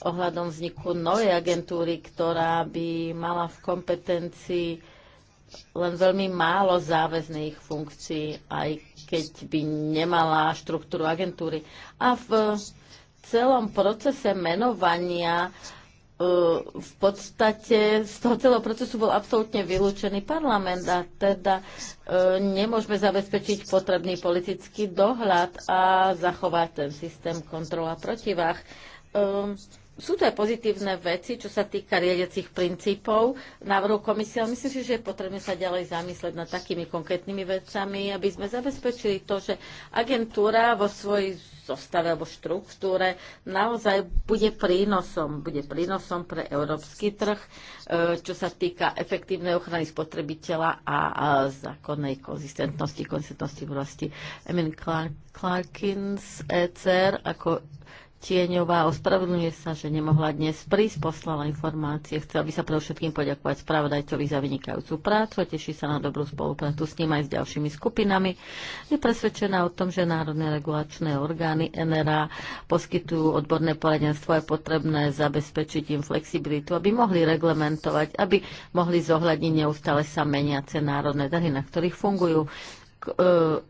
ohľadom vzniku novej agentúry, ktorá by mala v kompetencii len veľmi málo záväzných funkcií, aj keď by nemala štruktúru agentúry. A v celom procese menovania e, v podstate z toho celého procesu bol absolútne vylúčený parlament a teda e, nemôžeme zabezpečiť potrebný politický dohľad a zachovať ten systém kontrola protivách. Ehm, sú to aj pozitívne veci, čo sa týka riadiacich princípov návrhu komisie, ale myslím si, že je potrebné sa ďalej zamyslieť nad takými konkrétnymi vecami, aby sme zabezpečili to, že agentúra vo svojej zostave alebo štruktúre naozaj bude prínosom, bude prínosom pre európsky trh, e, čo sa týka efektívnej ochrany spotrebiteľa a, zákonnej konzistentnosti, konzistentnosti vlasti. Emin Clarkins, ECR, ako Tieňová ospravedlňuje sa, že nemohla dnes prísť, poslala informácie. Chcela by sa pre všetkým poďakovať spravodajcovi za vynikajúcu prácu a teší sa na dobrú spoluprácu s ním aj s ďalšími skupinami. Je presvedčená o tom, že národné regulačné orgány NRA poskytujú odborné poradenstvo a je potrebné zabezpečiť im flexibilitu, aby mohli reglementovať, aby mohli zohľadniť neustále sa meniace národné trhy, na ktorých fungujú e,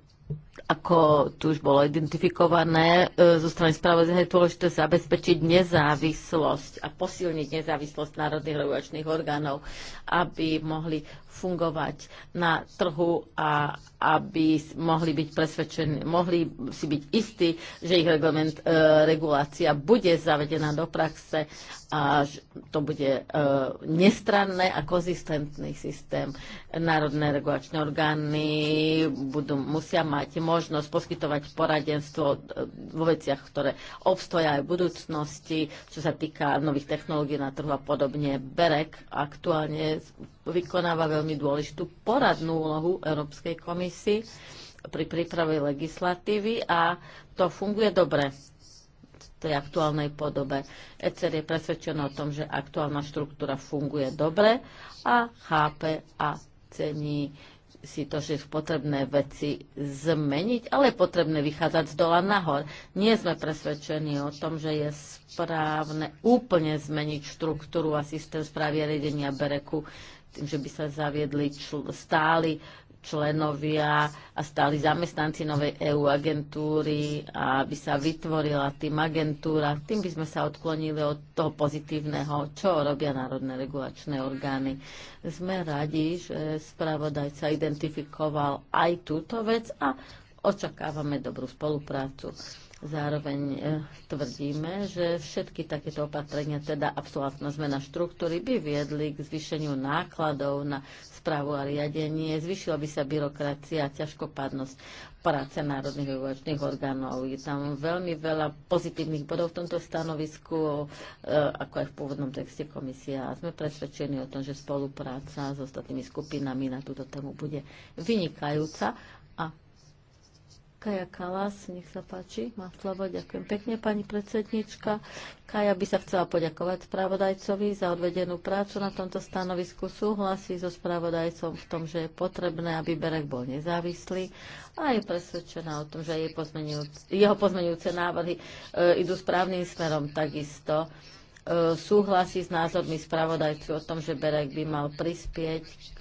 ako tu už bolo identifikované e, zo strany spravodajstva, je dôležité zabezpečiť nezávislosť a posilniť nezávislosť národných regulačných orgánov, aby mohli fungovať na trhu a aby mohli byť presvedčení, mohli si byť istí, že ich reglement, e, regulácia bude zavedená do praxe a že to bude e, nestranné a konzistentný systém. Národné regulačné orgány budú, musia mať možnosť poskytovať poradenstvo e, vo veciach, ktoré obstoja aj v budúcnosti, čo sa týka nových technológií na trhu a podobne. Berek aktuálne vykonáva veľmi dôležitú poradnú úlohu Európskej komisii pri príprave legislatívy a to funguje dobre tej aktuálnej podobe. ECR je presvedčená o tom, že aktuálna štruktúra funguje dobre a chápe a cení si to, že sú potrebné veci zmeniť, ale je potrebné vychádzať z dola nahor. Nie sme presvedčení o tom, že je správne úplne zmeniť štruktúru a systém správy a riadenia Bereku tým, že by sa zaviedli stály členovia a stáli zamestnanci novej EU agentúry a aby sa vytvorila tým agentúra. Tým by sme sa odklonili od toho pozitívneho, čo robia národné regulačné orgány. Sme radi, že spravodajca identifikoval aj túto vec a očakávame dobrú spoluprácu. Zároveň eh, tvrdíme, že všetky takéto opatrenia, teda absolútna zmena štruktúry, by viedli k zvýšeniu nákladov na správu a riadenie, zvyšila by sa byrokracia, a ťažkopádnosť práce národných regulačných orgánov. Je tam veľmi veľa pozitívnych bodov v tomto stanovisku, e, ako aj v pôvodnom texte komisia. A sme presvedčení o tom, že spolupráca s ostatnými skupinami na túto tému bude vynikajúca Kaja Kalas, nech sa páči, má slovo. Ďakujem pekne, pani predsednička. Kaja by sa chcela poďakovať spravodajcovi za odvedenú prácu na tomto stanovisku. Súhlasí so spravodajcom v tom, že je potrebné, aby Berek bol nezávislý a je presvedčená o tom, že jej pozmenujúce, jeho pozmenujúce návrhy e, idú správnym smerom takisto. E, súhlasí s názormi spravodajcu o tom, že Berek by mal prispieť k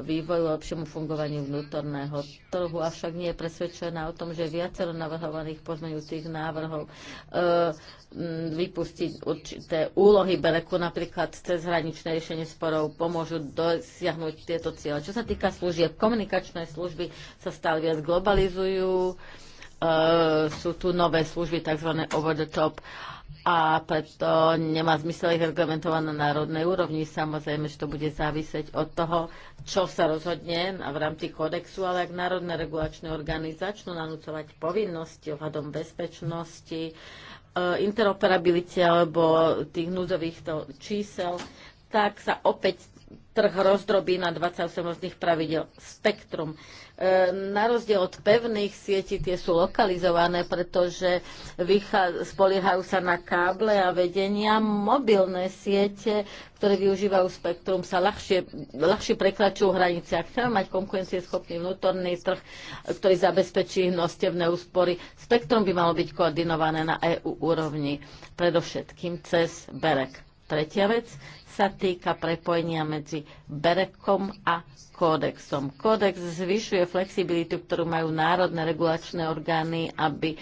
vývoju lepšiemu fungovaniu vnútorného trhu, avšak nie je presvedčená o tom, že viacero navrhovaných pozmeňujúcich návrhov e, vypustiť určité úlohy Bereku, napríklad cez hraničné riešenie sporov, pomôžu dosiahnuť tieto cieľe. Čo sa týka služieb, komunikačné služby sa stále viac globalizujú, e, sú tu nové služby, tzv. over the top, a preto nemá zmysel ich argumentovať na národnej úrovni. Samozrejme, že to bude závisieť od toho, čo sa rozhodne v rámci kodexu, ale ak národné regulačné orgány začnú nanúcovať povinnosti ohľadom bezpečnosti, e, interoperabilite alebo tých núdzových čísel, tak sa opäť trh rozdrobí na 28 rôznych pravidel. Spektrum na rozdiel od pevných sietí, tie sú lokalizované, pretože spoliehajú sa na káble a vedenia. Mobilné siete, ktoré využívajú spektrum, sa ľahšie, ľahšie prekračujú hranice. Ak chceme mať konkurencieschopný vnútorný trh, ktorý zabezpečí hnostevné úspory, spektrum by malo byť koordinované na EU úrovni, predovšetkým cez BEREK. Tretia vec, sa týka prepojenia medzi BEREKom a kódexom. Kódex zvyšuje flexibilitu, ktorú majú národné regulačné orgány, aby e,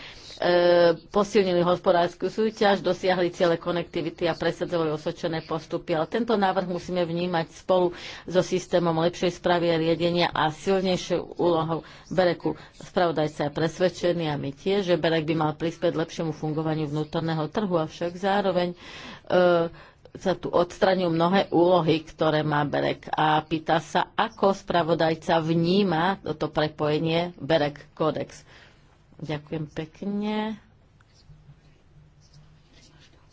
posilnili hospodárskú súťaž, dosiahli ciele konektivity a presadzovali osočené postupy. Ale tento návrh musíme vnímať spolu so systémom lepšej správy a riadenia a silnejšou úlohou Bereku. Spravodajca je presvedčený a my tiež, že Berek by mal prispieť lepšiemu fungovaniu vnútorného trhu, avšak zároveň e, sa tu odstraňujú mnohé úlohy, ktoré má Berek a pýta sa, ako spravodajca vníma toto prepojenie Berek-Kodex. Ďakujem pekne.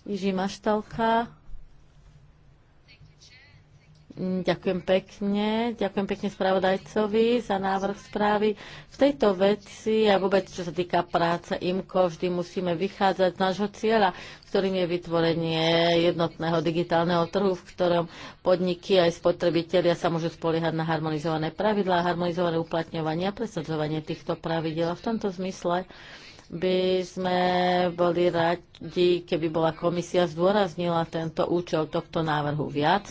Jiří Maštalka. Mm, ďakujem pekne. Ďakujem pekne spravodajcovi za návrh správy. V tejto veci a vôbec, čo sa týka práce IMKO, vždy musíme vychádzať z nášho cieľa, ktorým je vytvorenie jednotného digitálneho trhu, v ktorom podniky aj spotrebitelia sa môžu spoliehať na harmonizované pravidlá, harmonizované uplatňovanie a presadzovanie týchto pravidel. A v tomto zmysle by sme boli radi, keby bola komisia zdôraznila tento účel tohto návrhu viac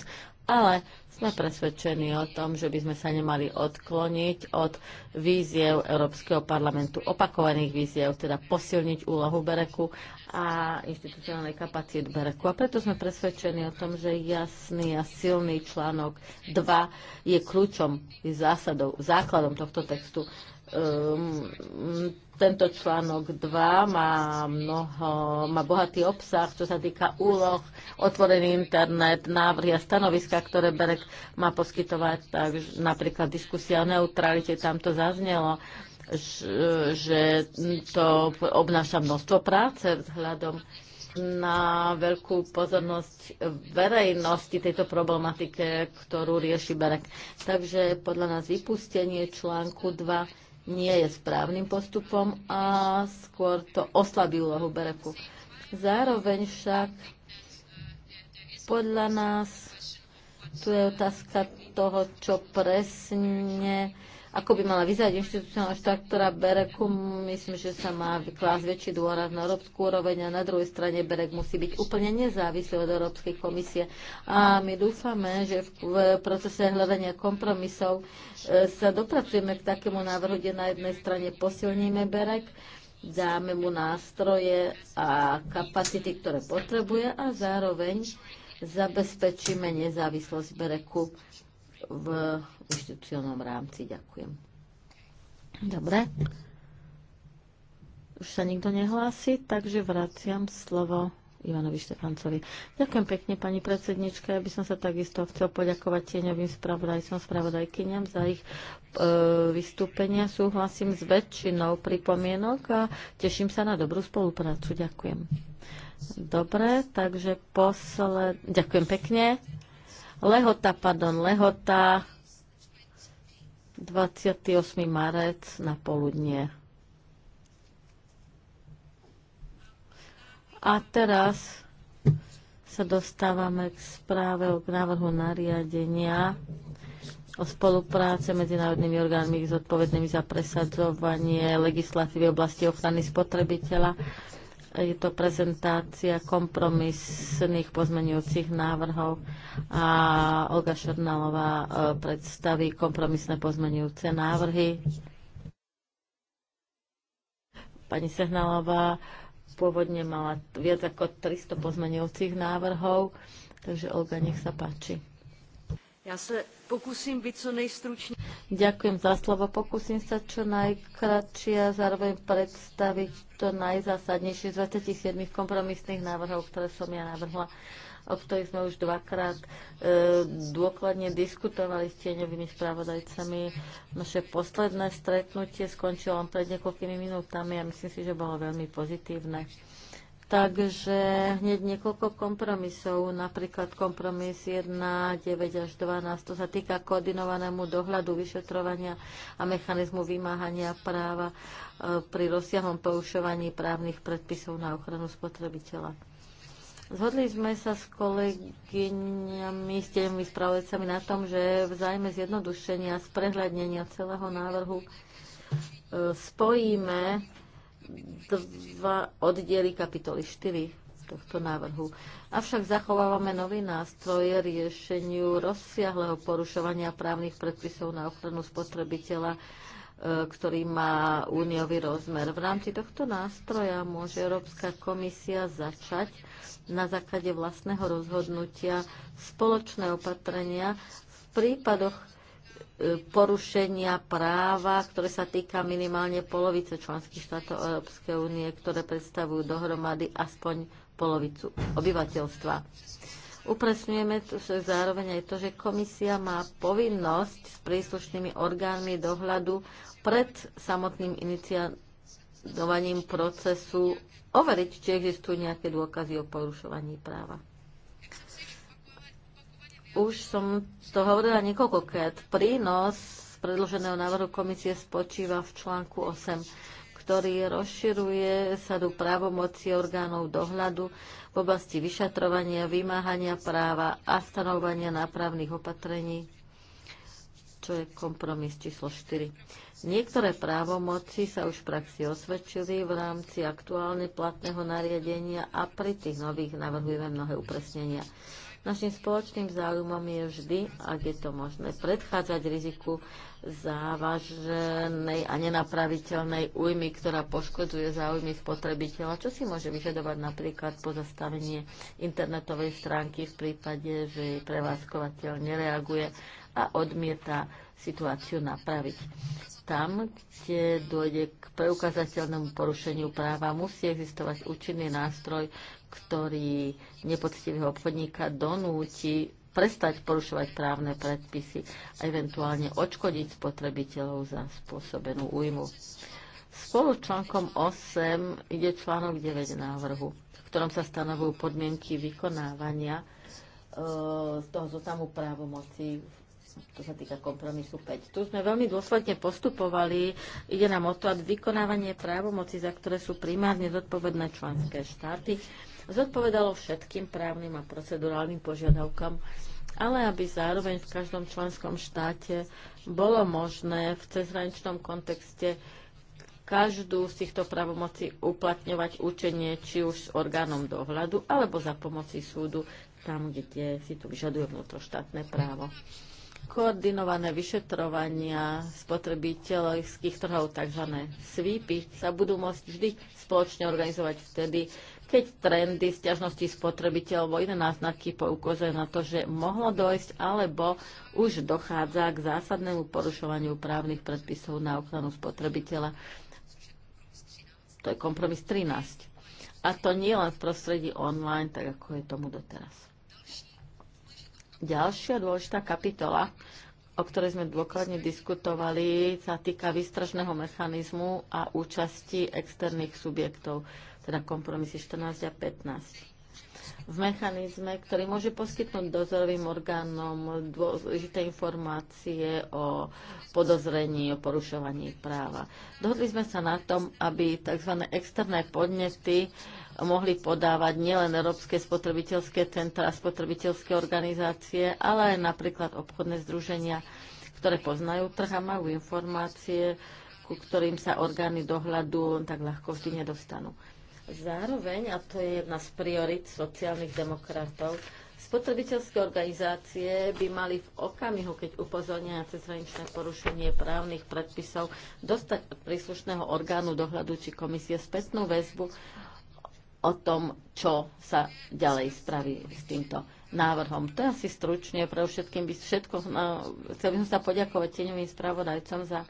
ale sme presvedčení o tom, že by sme sa nemali odkloniť od víziev Európskeho parlamentu, opakovaných víziev, teda posilniť úlohu Bereku a institucionálnej kapacít Bereku. A preto sme presvedčení o tom, že jasný a silný článok 2 je kľúčom, je zásadou, základom tohto textu Um, tento článok 2 má, mnoho, má bohatý obsah, čo sa týka úloh, otvorený internet, návrhy a stanoviska, ktoré Berek má poskytovať. Takže napríklad diskusia o neutralite, tam to zaznelo, že to obnáša množstvo práce vzhľadom na veľkú pozornosť verejnosti tejto problematike, ktorú rieši Berek. Takže podľa nás vypustenie článku 2 nie je správnym postupom a skôr to oslabí úlohu Bereku. Zároveň však podľa nás tu je otázka toho, čo presne ako by mala vyzerať inštitucionálna ktorá Bereku, myslím, že sa má vyklásť väčší dôraz na európsku úroveň a na druhej strane Berek musí byť úplne nezávislý od Európskej komisie. A my dúfame, že v procese hľadania kompromisov e, sa dopracujeme k takému návrhu, kde na jednej strane posilníme Berek, dáme mu nástroje a kapacity, ktoré potrebuje a zároveň zabezpečíme nezávislosť Bereku v inštitucionálnom rámci. Ďakujem. Dobre. Už sa nikto nehlási, takže vraciam slovo Ivanovi Štefancovi. Ďakujem pekne, pani predsednička. Ja by som sa takisto chcel poďakovať tieňovým spravodajcom, spravodajkyniam za ich e, vystúpenia. Súhlasím s väčšinou pripomienok a teším sa na dobrú spoluprácu. Ďakujem. Dobre, takže posled... Ďakujem pekne. Lehota, pardon, lehota 28. marec na poludnie. A teraz sa dostávame k správe o návrhu nariadenia o spolupráce medzi národnými orgánmi zodpovednými za presadzovanie legislatívy v oblasti ochrany spotrebiteľa je to prezentácia kompromisných pozmeňujúcich návrhov a Olga Šornalová e, predstaví kompromisné pozmeňujúce návrhy. Pani Sehnalová pôvodne mala viac ako 300 pozmeňujúcich návrhov, takže Olga, nech sa páči. Ja sa pokúsim byť co nejstručne. Ďakujem za slovo. Pokúsim sa čo najkratšie a zároveň predstaviť to najzásadnejšie z 27 kompromisných návrhov, ktoré som ja navrhla o ktorých sme už dvakrát e, dôkladne diskutovali s tieňovými spravodajcami. Naše posledné stretnutie skončilo len pred niekoľkými minútami a myslím si, že bolo veľmi pozitívne. Takže hneď niekoľko kompromisov, napríklad kompromis 1, 9 až 12, to sa týka koordinovanému dohľadu vyšetrovania a mechanizmu vymáhania práva e, pri rozsiahom poušovaní právnych predpisov na ochranu spotrebiteľa. Zhodli sme sa s kolegyňami, s tými spravodajcami na tom, že v zájme zjednodušenia, sprehľadnenia celého návrhu e, spojíme dva oddiely kapitoly 4 tohto návrhu. Avšak zachovávame nový nástroj riešeniu rozsiahleho porušovania právnych predpisov na ochranu spotrebiteľa e, ktorý má úniový rozmer. V rámci tohto nástroja môže Európska komisia začať na základe vlastného rozhodnutia spoločné opatrenia v prípadoch, porušenia práva, ktoré sa týka minimálne polovice členských štátov Európskej únie, ktoré predstavujú dohromady aspoň polovicu obyvateľstva. Upresňujeme tu zároveň aj to, že komisia má povinnosť s príslušnými orgánmi dohľadu pred samotným iniciovaním procesu overiť, či existujú nejaké dôkazy o porušovaní práva. Už som to hovorila niekoľkokrát. Prínos predloženého návrhu komisie spočíva v článku 8, ktorý rozširuje sadu právomoci orgánov dohľadu v oblasti vyšetrovania, vymáhania práva a stanovania nápravných opatrení čo je kompromis číslo 4. Niektoré právomoci sa už v praxi osvedčili v rámci aktuálne platného nariadenia a pri tých nových navrhujeme mnohé upresnenia. Našim spoločným záujmom je vždy, ak je to možné, predchádzať riziku závažnej a nenapraviteľnej újmy, ktorá poškodzuje záujmy spotrebiteľa, čo si môže vyžadovať napríklad pozastavenie internetovej stránky v prípade, že jej prevádzkovateľ nereaguje a odmieta situáciu napraviť. Tam, kde dojde k preukazateľnému porušeniu práva, musí existovať účinný nástroj, ktorý nepoctivého obchodníka donúti prestať porušovať právne predpisy a eventuálne odškodiť spotrebiteľov za spôsobenú újmu. Spolu článkom 8 ide článok 9 návrhu, v ktorom sa stanovujú podmienky vykonávania z e, toho zotamu právomoci to sa týka kompromisu 5. Tu sme veľmi dôsledne postupovali. Ide nám o to, aby vykonávanie právomoci, za ktoré sú primárne zodpovedné členské štáty, zodpovedalo všetkým právnym a procedurálnym požiadavkám, ale aby zároveň v každom členskom štáte bolo možné v cezhraničnom kontexte každú z týchto pravomocí uplatňovať učenie či už s orgánom dohľadu alebo za pomoci súdu tam, kde si tu vyžaduje vnútroštátne právo. Koordinované vyšetrovania spotrebiteľovských trhov, tzv. svípy, sa budú môcť vždy spoločne organizovať vtedy, keď trendy, sťažnosti spotrebiteľov alebo iné náznaky poukazujú na to, že mohlo dojsť alebo už dochádza k zásadnému porušovaniu právnych predpisov na ochranu spotrebiteľa. To je kompromis 13. A to nie len v prostredí online, tak ako je tomu doteraz. Ďalšia dôležitá kapitola, o ktorej sme dôkladne diskutovali, sa týka výstražného mechanizmu a účasti externých subjektov teda kompromisy 14 a 15 v mechanizme, ktorý môže poskytnúť dozorovým orgánom dôležité informácie o podozrení, o porušovaní práva. Dohodli sme sa na tom, aby tzv. externé podnety mohli podávať nielen Európske spotrebiteľské centra a spotrebiteľské organizácie, ale aj napríklad obchodné združenia, ktoré poznajú trh a majú informácie, ku ktorým sa orgány dohľadu tak ľahko vždy nedostanú. Zároveň, a to je jedna z priorit sociálnych demokratov, spotrebiteľské organizácie by mali v okamihu, keď upozornia na cezhraničné porušenie právnych predpisov, dostať od príslušného orgánu dohľadu či komisie spätnú väzbu o tom, čo sa ďalej spraví s týmto návrhom. To je asi stručne, pre všetkým by všetko, no, chcel by som sa poďakovať tieňovým spravodajcom za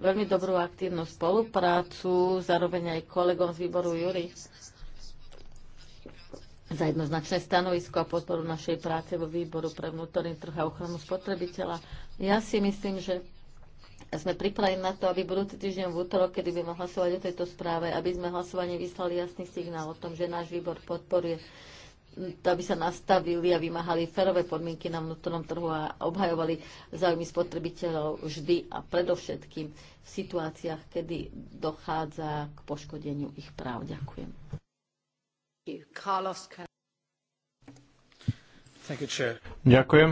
veľmi dobrú aktívnu spoluprácu, zároveň aj kolegom z výboru Jury za jednoznačné stanovisko a podporu našej práce vo výboru pre vnútorný trh a ochranu spotrebiteľa. Ja si myslím, že sme pripravení na to, aby budúci týždeň v útorok, kedy budeme hlasovať o tejto správe, aby sme hlasovanie vyslali jasný signál o tom, že náš výbor podporuje aby sa nastavili a vymáhali férové podmienky na vnútornom trhu a obhajovali záujmy spotrebiteľov vždy a predovšetkým v situáciách, kedy dochádza k poškodeniu ich práv. Ďakujem. Ďakujem.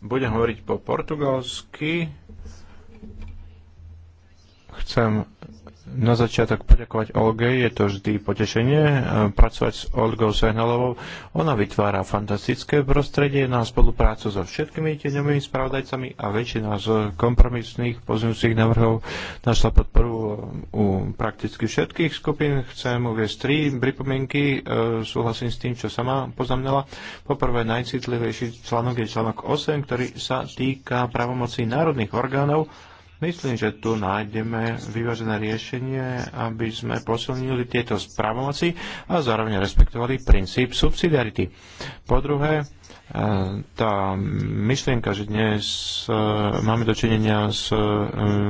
Budem hovoriť po portugalsky. Chcem na začiatok poďakovať Olge, je to vždy potešenie e, pracovať s Olgou Sehnalovou. Ona vytvára fantastické prostredie na spoluprácu so všetkými tieňovými spravodajcami a väčšina z kompromisných pozňujúcich návrhov našla podporu e, u prakticky všetkých skupín. Chcem uviezť tri pripomienky, e, súhlasím s tým, čo sama poznamnala. Poprvé najcitlivejší článok je článok 8, ktorý sa týka pravomocí národných orgánov Myslím, že tu nájdeme vyvážené riešenie, aby sme posilnili tieto správomoci a zároveň respektovali princíp subsidiarity. Po druhé, e, tá myšlienka, že dnes e, máme dočinenia s e,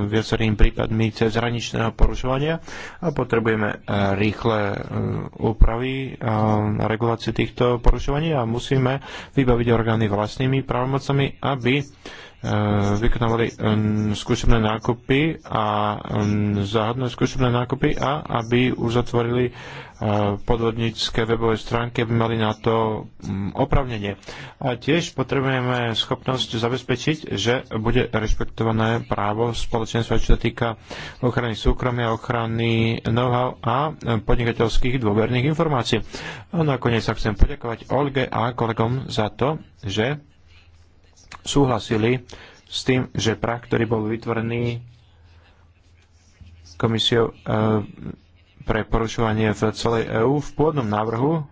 viacerými prípadmi cezhraničného porušovania a potrebujeme rýchle úpravy a regulácie týchto porušovaní a musíme vybaviť orgány vlastnými právomocami, aby Eh, vykonávali skúšobné nákupy a záhadné skúšobné nákupy a aby uzatvorili eh, podvodnícke webové stránky, aby mali na to mm, opravnenie. A tiež potrebujeme schopnosť zabezpečiť, že bude rešpektované právo spoločenstva, čo sa týka ochrany súkromia, ochrany know-how a podnikateľských dôverných informácií. A nakoniec sa chcem poďakovať Olge a kolegom za to, že súhlasili s tým, že prach, ktorý bol vytvorený komisiou e, pre porušovanie v celej EÚ v pôvodnom návrhu,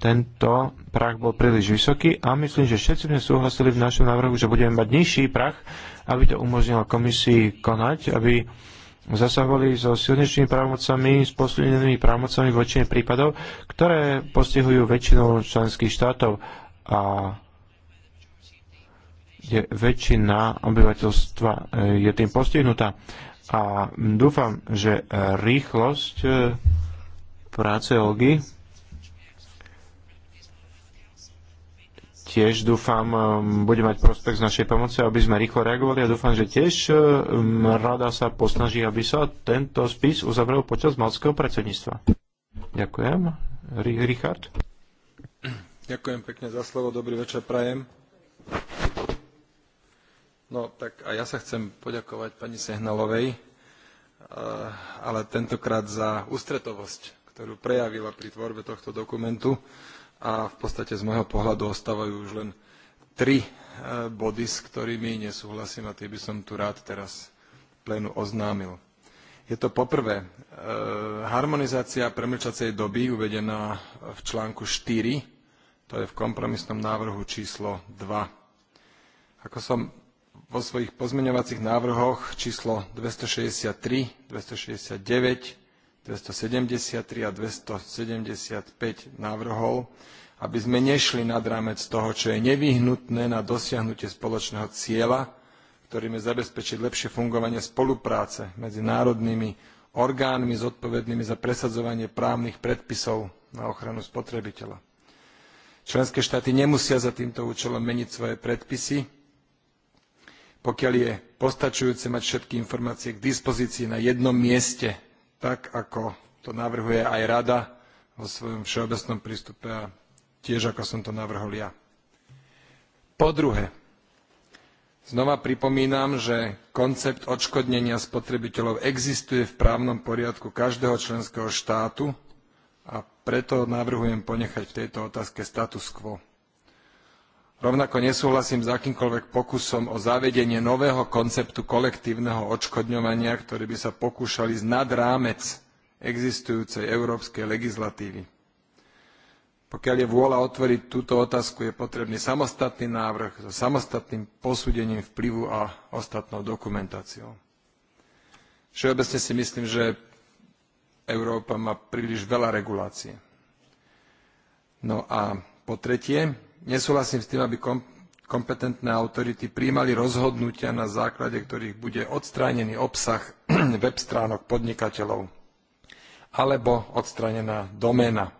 tento prach bol príliš vysoký a myslím, že všetci sme súhlasili v našom návrhu, že budeme mať nižší prach, aby to umožnilo komisii konať, aby zasahovali so silnejšími právomocami, s posilnenými právomocami väčšine prípadov, ktoré postihujú väčšinu členských štátov. A kde väčšina obyvateľstva eh, je tým postihnutá. A dúfam, že rýchlosť eh, práce Olgy tiež dúfam, eh, bude mať prospekt z našej pomoci, aby sme rýchlo reagovali a dúfam, že tiež rada sa posnaží, aby sa tento spis uzavrel počas malského predsedníctva. Ďakujem. Richard? Ďakujem pekne za slovo, dobrý večer prajem. No tak a ja sa chcem poďakovať pani Sehnalovej, eh, ale tentokrát za ústretovosť, ktorú prejavila pri tvorbe tohto dokumentu a v podstate z môjho pohľadu ostávajú už len tri eh, body, s ktorými nesúhlasím a tie by som tu rád teraz plénu oznámil. Je to poprvé eh, harmonizácia premlčacej doby uvedená v článku 4, to je v kompromisnom návrhu číslo 2. Ako som vo svojich pozmeňovacích návrhoch číslo 263, 269, 273 a 275 návrhov, aby sme nešli nad rámec toho, čo je nevyhnutné na dosiahnutie spoločného cieľa, ktorým je zabezpečiť lepšie fungovanie spolupráce medzi národnými orgánmi zodpovednými za presadzovanie právnych predpisov na ochranu spotrebiteľa. Členské štáty nemusia za týmto účelom meniť svoje predpisy, pokiaľ je postačujúce mať všetky informácie k dispozícii na jednom mieste, tak ako to navrhuje aj Rada vo svojom všeobecnom prístupe a tiež ako som to navrhol ja. Po druhé, znova pripomínam, že koncept odškodnenia spotrebiteľov existuje v právnom poriadku každého členského štátu a preto navrhujem ponechať v tejto otázke status quo. Rovnako nesúhlasím s akýmkoľvek pokusom o zavedenie nového konceptu kolektívneho odškodňovania, ktorý by sa pokúšali ísť nad rámec existujúcej európskej legislatívy. Pokiaľ je vôľa otvoriť túto otázku, je potrebný samostatný návrh so samostatným posúdením vplyvu a ostatnou dokumentáciou. Všeobecne si myslím, že Európa má príliš veľa regulácie. No a po tretie, nesúhlasím s tým, aby kompetentné autority prijímali rozhodnutia, na základe ktorých bude odstránený obsah web stránok podnikateľov alebo odstranená doména.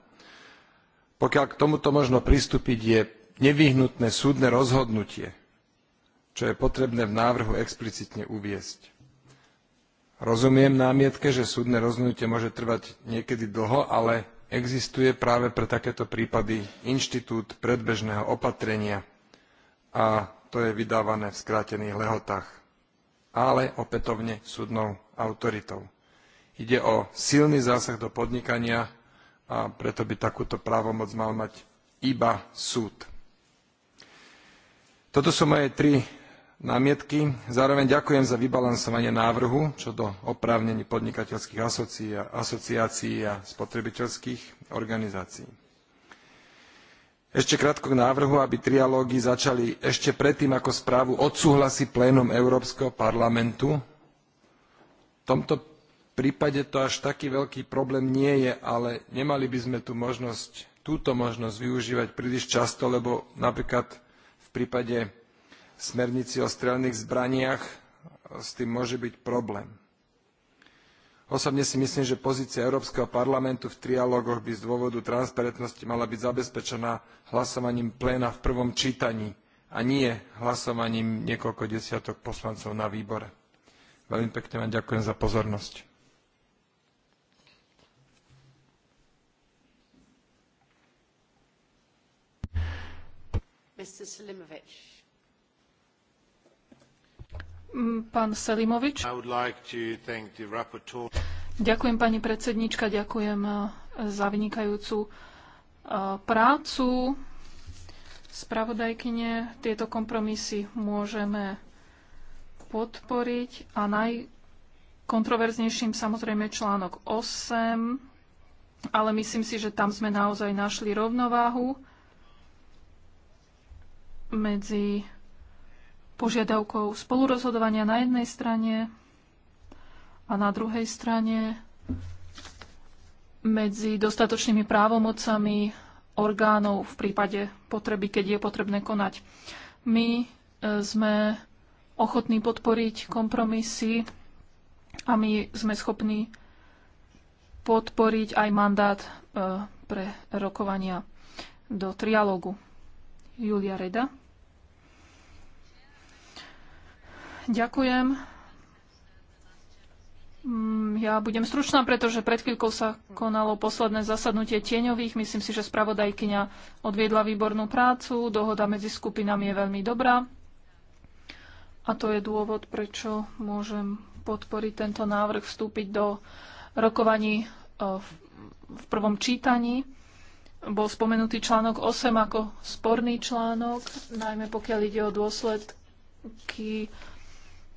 Pokiaľ k tomuto možno pristúpiť, je nevyhnutné súdne rozhodnutie, čo je potrebné v návrhu explicitne uviesť. Rozumiem námietke, že súdne rozhodnutie môže trvať niekedy dlho, ale existuje práve pre takéto prípady inštitút predbežného opatrenia a to je vydávané v skrátených lehotách, ale opätovne súdnou autoritou. Ide o silný zásah do podnikania a preto by takúto právomoc mal mať iba súd. Toto sú moje tri námietky. Zároveň ďakujem za vybalansovanie návrhu čo do oprávnení podnikateľských asociácií a spotrebiteľských organizácií. Ešte krátko k návrhu, aby trialógy začali ešte predtým, ako správu odsúhlasí plénom Európskeho parlamentu. V tomto prípade to až taký veľký problém nie je, ale nemali by sme tú možnosť, túto možnosť využívať príliš často, lebo napríklad v prípade smernici o strelných zbraniach eh, s tým môže byť problém. Osobne si myslím, že pozícia Európskeho parlamentu v trialógoch by z dôvodu transparentnosti mala byť zabezpečená hlasovaním pléna v prvom čítaní a nie hlasovaním niekoľko desiatok poslancov na výbore. Veľmi pekne vám ďakujem za pozornosť. Mr. Slimovich. Mm, pán Selimovič. Ďakujem pani predsednička, ďakujem eh, za vynikajúcu eh, prácu spravodajkyne. Tieto kompromisy môžeme podporiť a najkontroverznejším samozrejme článok 8, ale myslím si, že tam sme naozaj našli rovnováhu medzi požiadavkou spolurozhodovania na jednej strane a na druhej strane medzi dostatočnými právomocami orgánov v prípade potreby, keď je potrebné konať. My e, sme ochotní podporiť kompromisy a my sme schopní podporiť aj mandát e, pre rokovania do trialógu. Julia Reda. Ďakujem. Mm, ja budem stručná, pretože pred chvíľkou sa konalo posledné zasadnutie tieňových. Myslím si, že spravodajkyňa odviedla výbornú prácu. Dohoda medzi skupinami je veľmi dobrá. A to je dôvod, prečo môžem podporiť tento návrh, vstúpiť do rokovaní e, v prvom čítaní. Bol spomenutý článok 8 ako sporný článok, najmä pokiaľ ide o dôsledky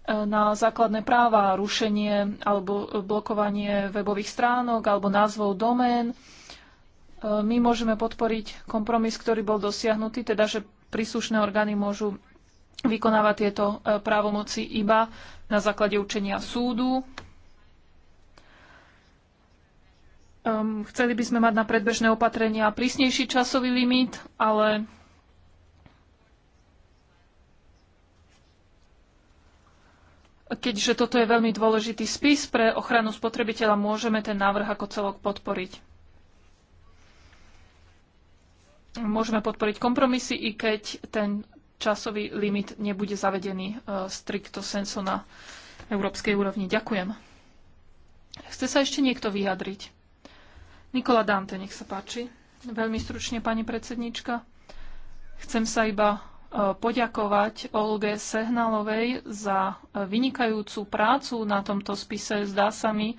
na základné práva, rušenie alebo blokovanie webových stránok alebo názvov domén. E, my môžeme podporiť kompromis, ktorý bol dosiahnutý, teda že príslušné orgány môžu vykonávať tieto e, právomoci iba na základe učenia súdu. Ehm, chceli by sme mať na predbežné opatrenia prísnejší časový limit, ale Keďže toto je veľmi dôležitý spis pre ochranu spotrebiteľa, môžeme ten návrh ako celok podporiť. Môžeme podporiť kompromisy, i keď ten časový limit nebude zavedený e, stricto senso na európskej úrovni. Ďakujem. Chce sa ešte niekto vyjadriť? Nikola Dante, nech sa páči. Veľmi stručne, pani predsednička. Chcem sa iba poďakovať Olge Sehnalovej za vynikajúcu prácu na tomto spise. Zdá sa mi,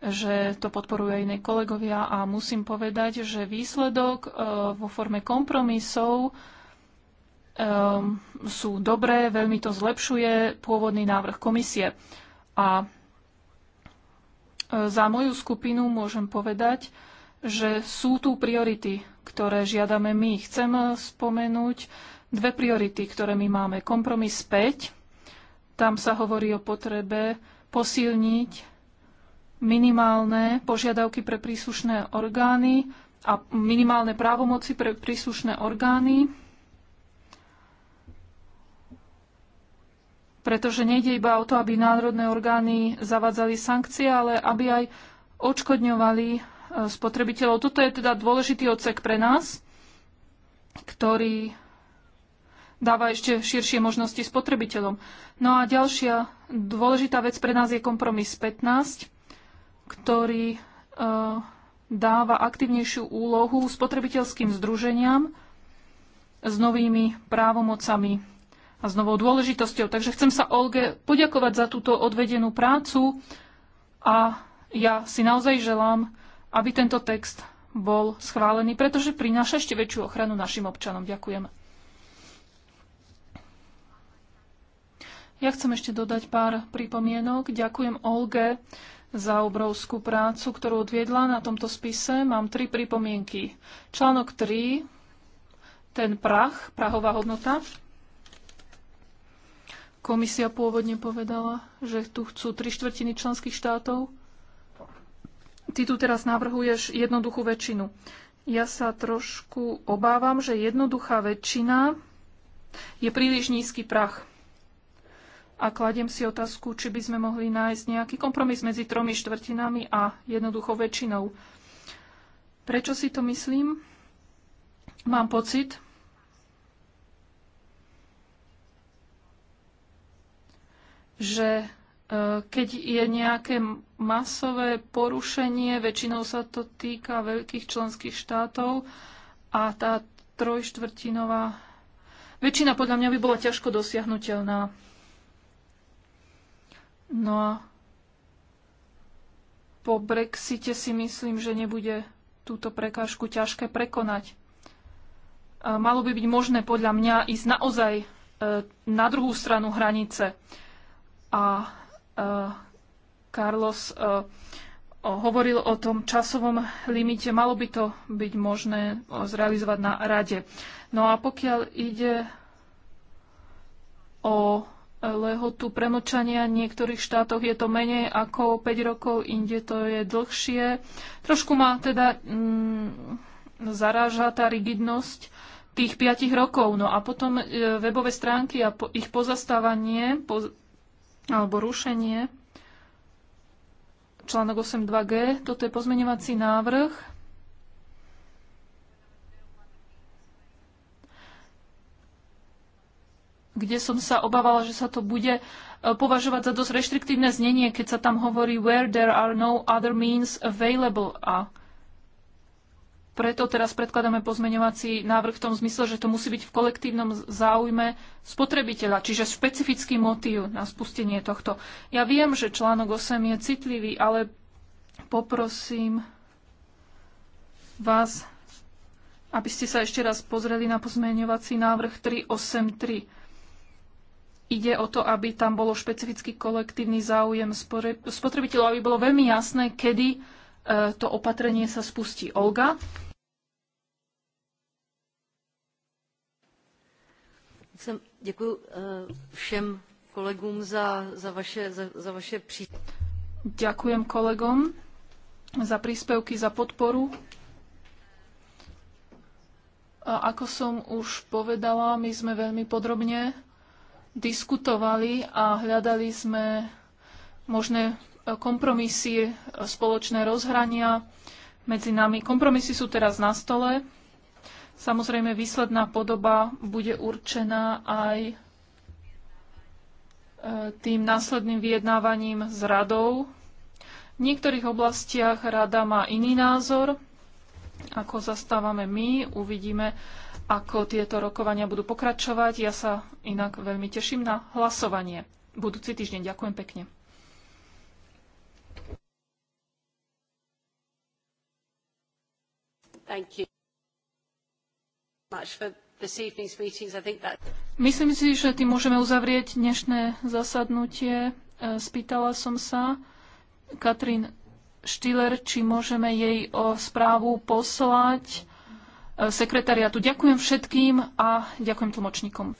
že to podporujú aj iné kolegovia a musím povedať, že výsledok e, vo forme kompromisov e, sú dobré, veľmi to zlepšuje pôvodný návrh komisie. A e, za moju skupinu môžem povedať, že sú tu priority, ktoré žiadame my. Chcem spomenúť dve priority, ktoré my máme. Kompromis 5, tam sa hovorí o potrebe posilniť minimálne požiadavky pre príslušné orgány a minimálne právomoci pre príslušné orgány, pretože nejde iba o to, aby národné orgány zavadzali sankcie, ale aby aj odškodňovali e, spotrebiteľov. Toto je teda dôležitý odsek pre nás, ktorý dáva ešte širšie možnosti spotrebiteľom. No a ďalšia dôležitá vec pre nás je kompromis 15, ktorý e, dáva aktívnejšiu úlohu spotrebiteľským združeniam s novými právomocami a s novou dôležitosťou. Takže chcem sa Olge poďakovať za túto odvedenú prácu a ja si naozaj želám, aby tento text bol schválený, pretože prináša ešte väčšiu ochranu našim občanom. Ďakujem. Ja chcem ešte dodať pár pripomienok. Ďakujem Olge za obrovskú prácu, ktorú odviedla na tomto spise. Mám tri pripomienky. Článok 3, ten prach, prahová hodnota. Komisia pôvodne povedala, že tu chcú tri štvrtiny členských štátov. Ty tu teraz navrhuješ jednoduchú väčšinu. Ja sa trošku obávam, že jednoduchá väčšina je príliš nízky prach a kladiem si otázku, či by sme mohli nájsť nejaký kompromis medzi tromi štvrtinami a jednoducho väčšinou. Prečo si to myslím? Mám pocit, že e, keď je nejaké masové porušenie, väčšinou sa to týka veľkých členských štátov a tá trojštvrtinová väčšina podľa mňa by bola ťažko dosiahnutelná. No a po Brexite si myslím, že nebude túto prekážku ťažké prekonať. Malo by byť možné podľa mňa ísť naozaj e, na druhú stranu hranice. A e, Carlos e, hovoril o tom časovom limite, malo by to byť možné zrealizovať na rade. No a pokiaľ ide o lehotu premočania v niektorých štátoch je to menej ako 5 rokov, inde to je dlhšie. Trošku ma teda mm, zaráža tá rigidnosť tých 5 rokov. No a potom e, webové stránky a po, ich pozastávanie po, alebo rušenie. Článok 8.2g, toto je pozmeňovací návrh kde som sa obávala, že sa to bude e, považovať za dosť reštriktívne znenie, keď sa tam hovorí where there are no other means available. A preto teraz predkladáme pozmeňovací návrh v tom zmysle, že to musí byť v kolektívnom záujme spotrebiteľa, čiže špecifický motív na spustenie tohto. Ja viem, že článok 8 je citlivý, ale poprosím vás, aby ste sa ešte raz pozreli na pozmeňovací návrh 383 Ide o to, aby tam bolo špecifický kolektívny záujem spotrebiteľov, aby bolo veľmi jasné, kedy e, to opatrenie sa spustí. Olga? Jsem, děkuji e, všem kolegům za, za vaše, za, za vaše pří... Ďakujem kolegom za príspevky, za podporu. A ako som už povedala, my sme veľmi podrobne diskutovali a hľadali sme možné e, kompromisy, e, spoločné rozhrania medzi nami. Kompromisy sú teraz na stole. Samozrejme, výsledná podoba bude určená aj e, tým následným vyjednávaním s radou. V niektorých oblastiach rada má iný názor, ako zastávame my. Uvidíme, ako tieto rokovania budú pokračovať. Ja sa inak veľmi teším na hlasovanie budúci týždeň. Ďakujem pekne. Myslím si, že tým môžeme uzavrieť dnešné zasadnutie. E, spýtala som sa Katrin Štiller, či môžeme jej o správu poslať sekretariatu. Ďakujem všetkým a ďakujem tlmočníkom.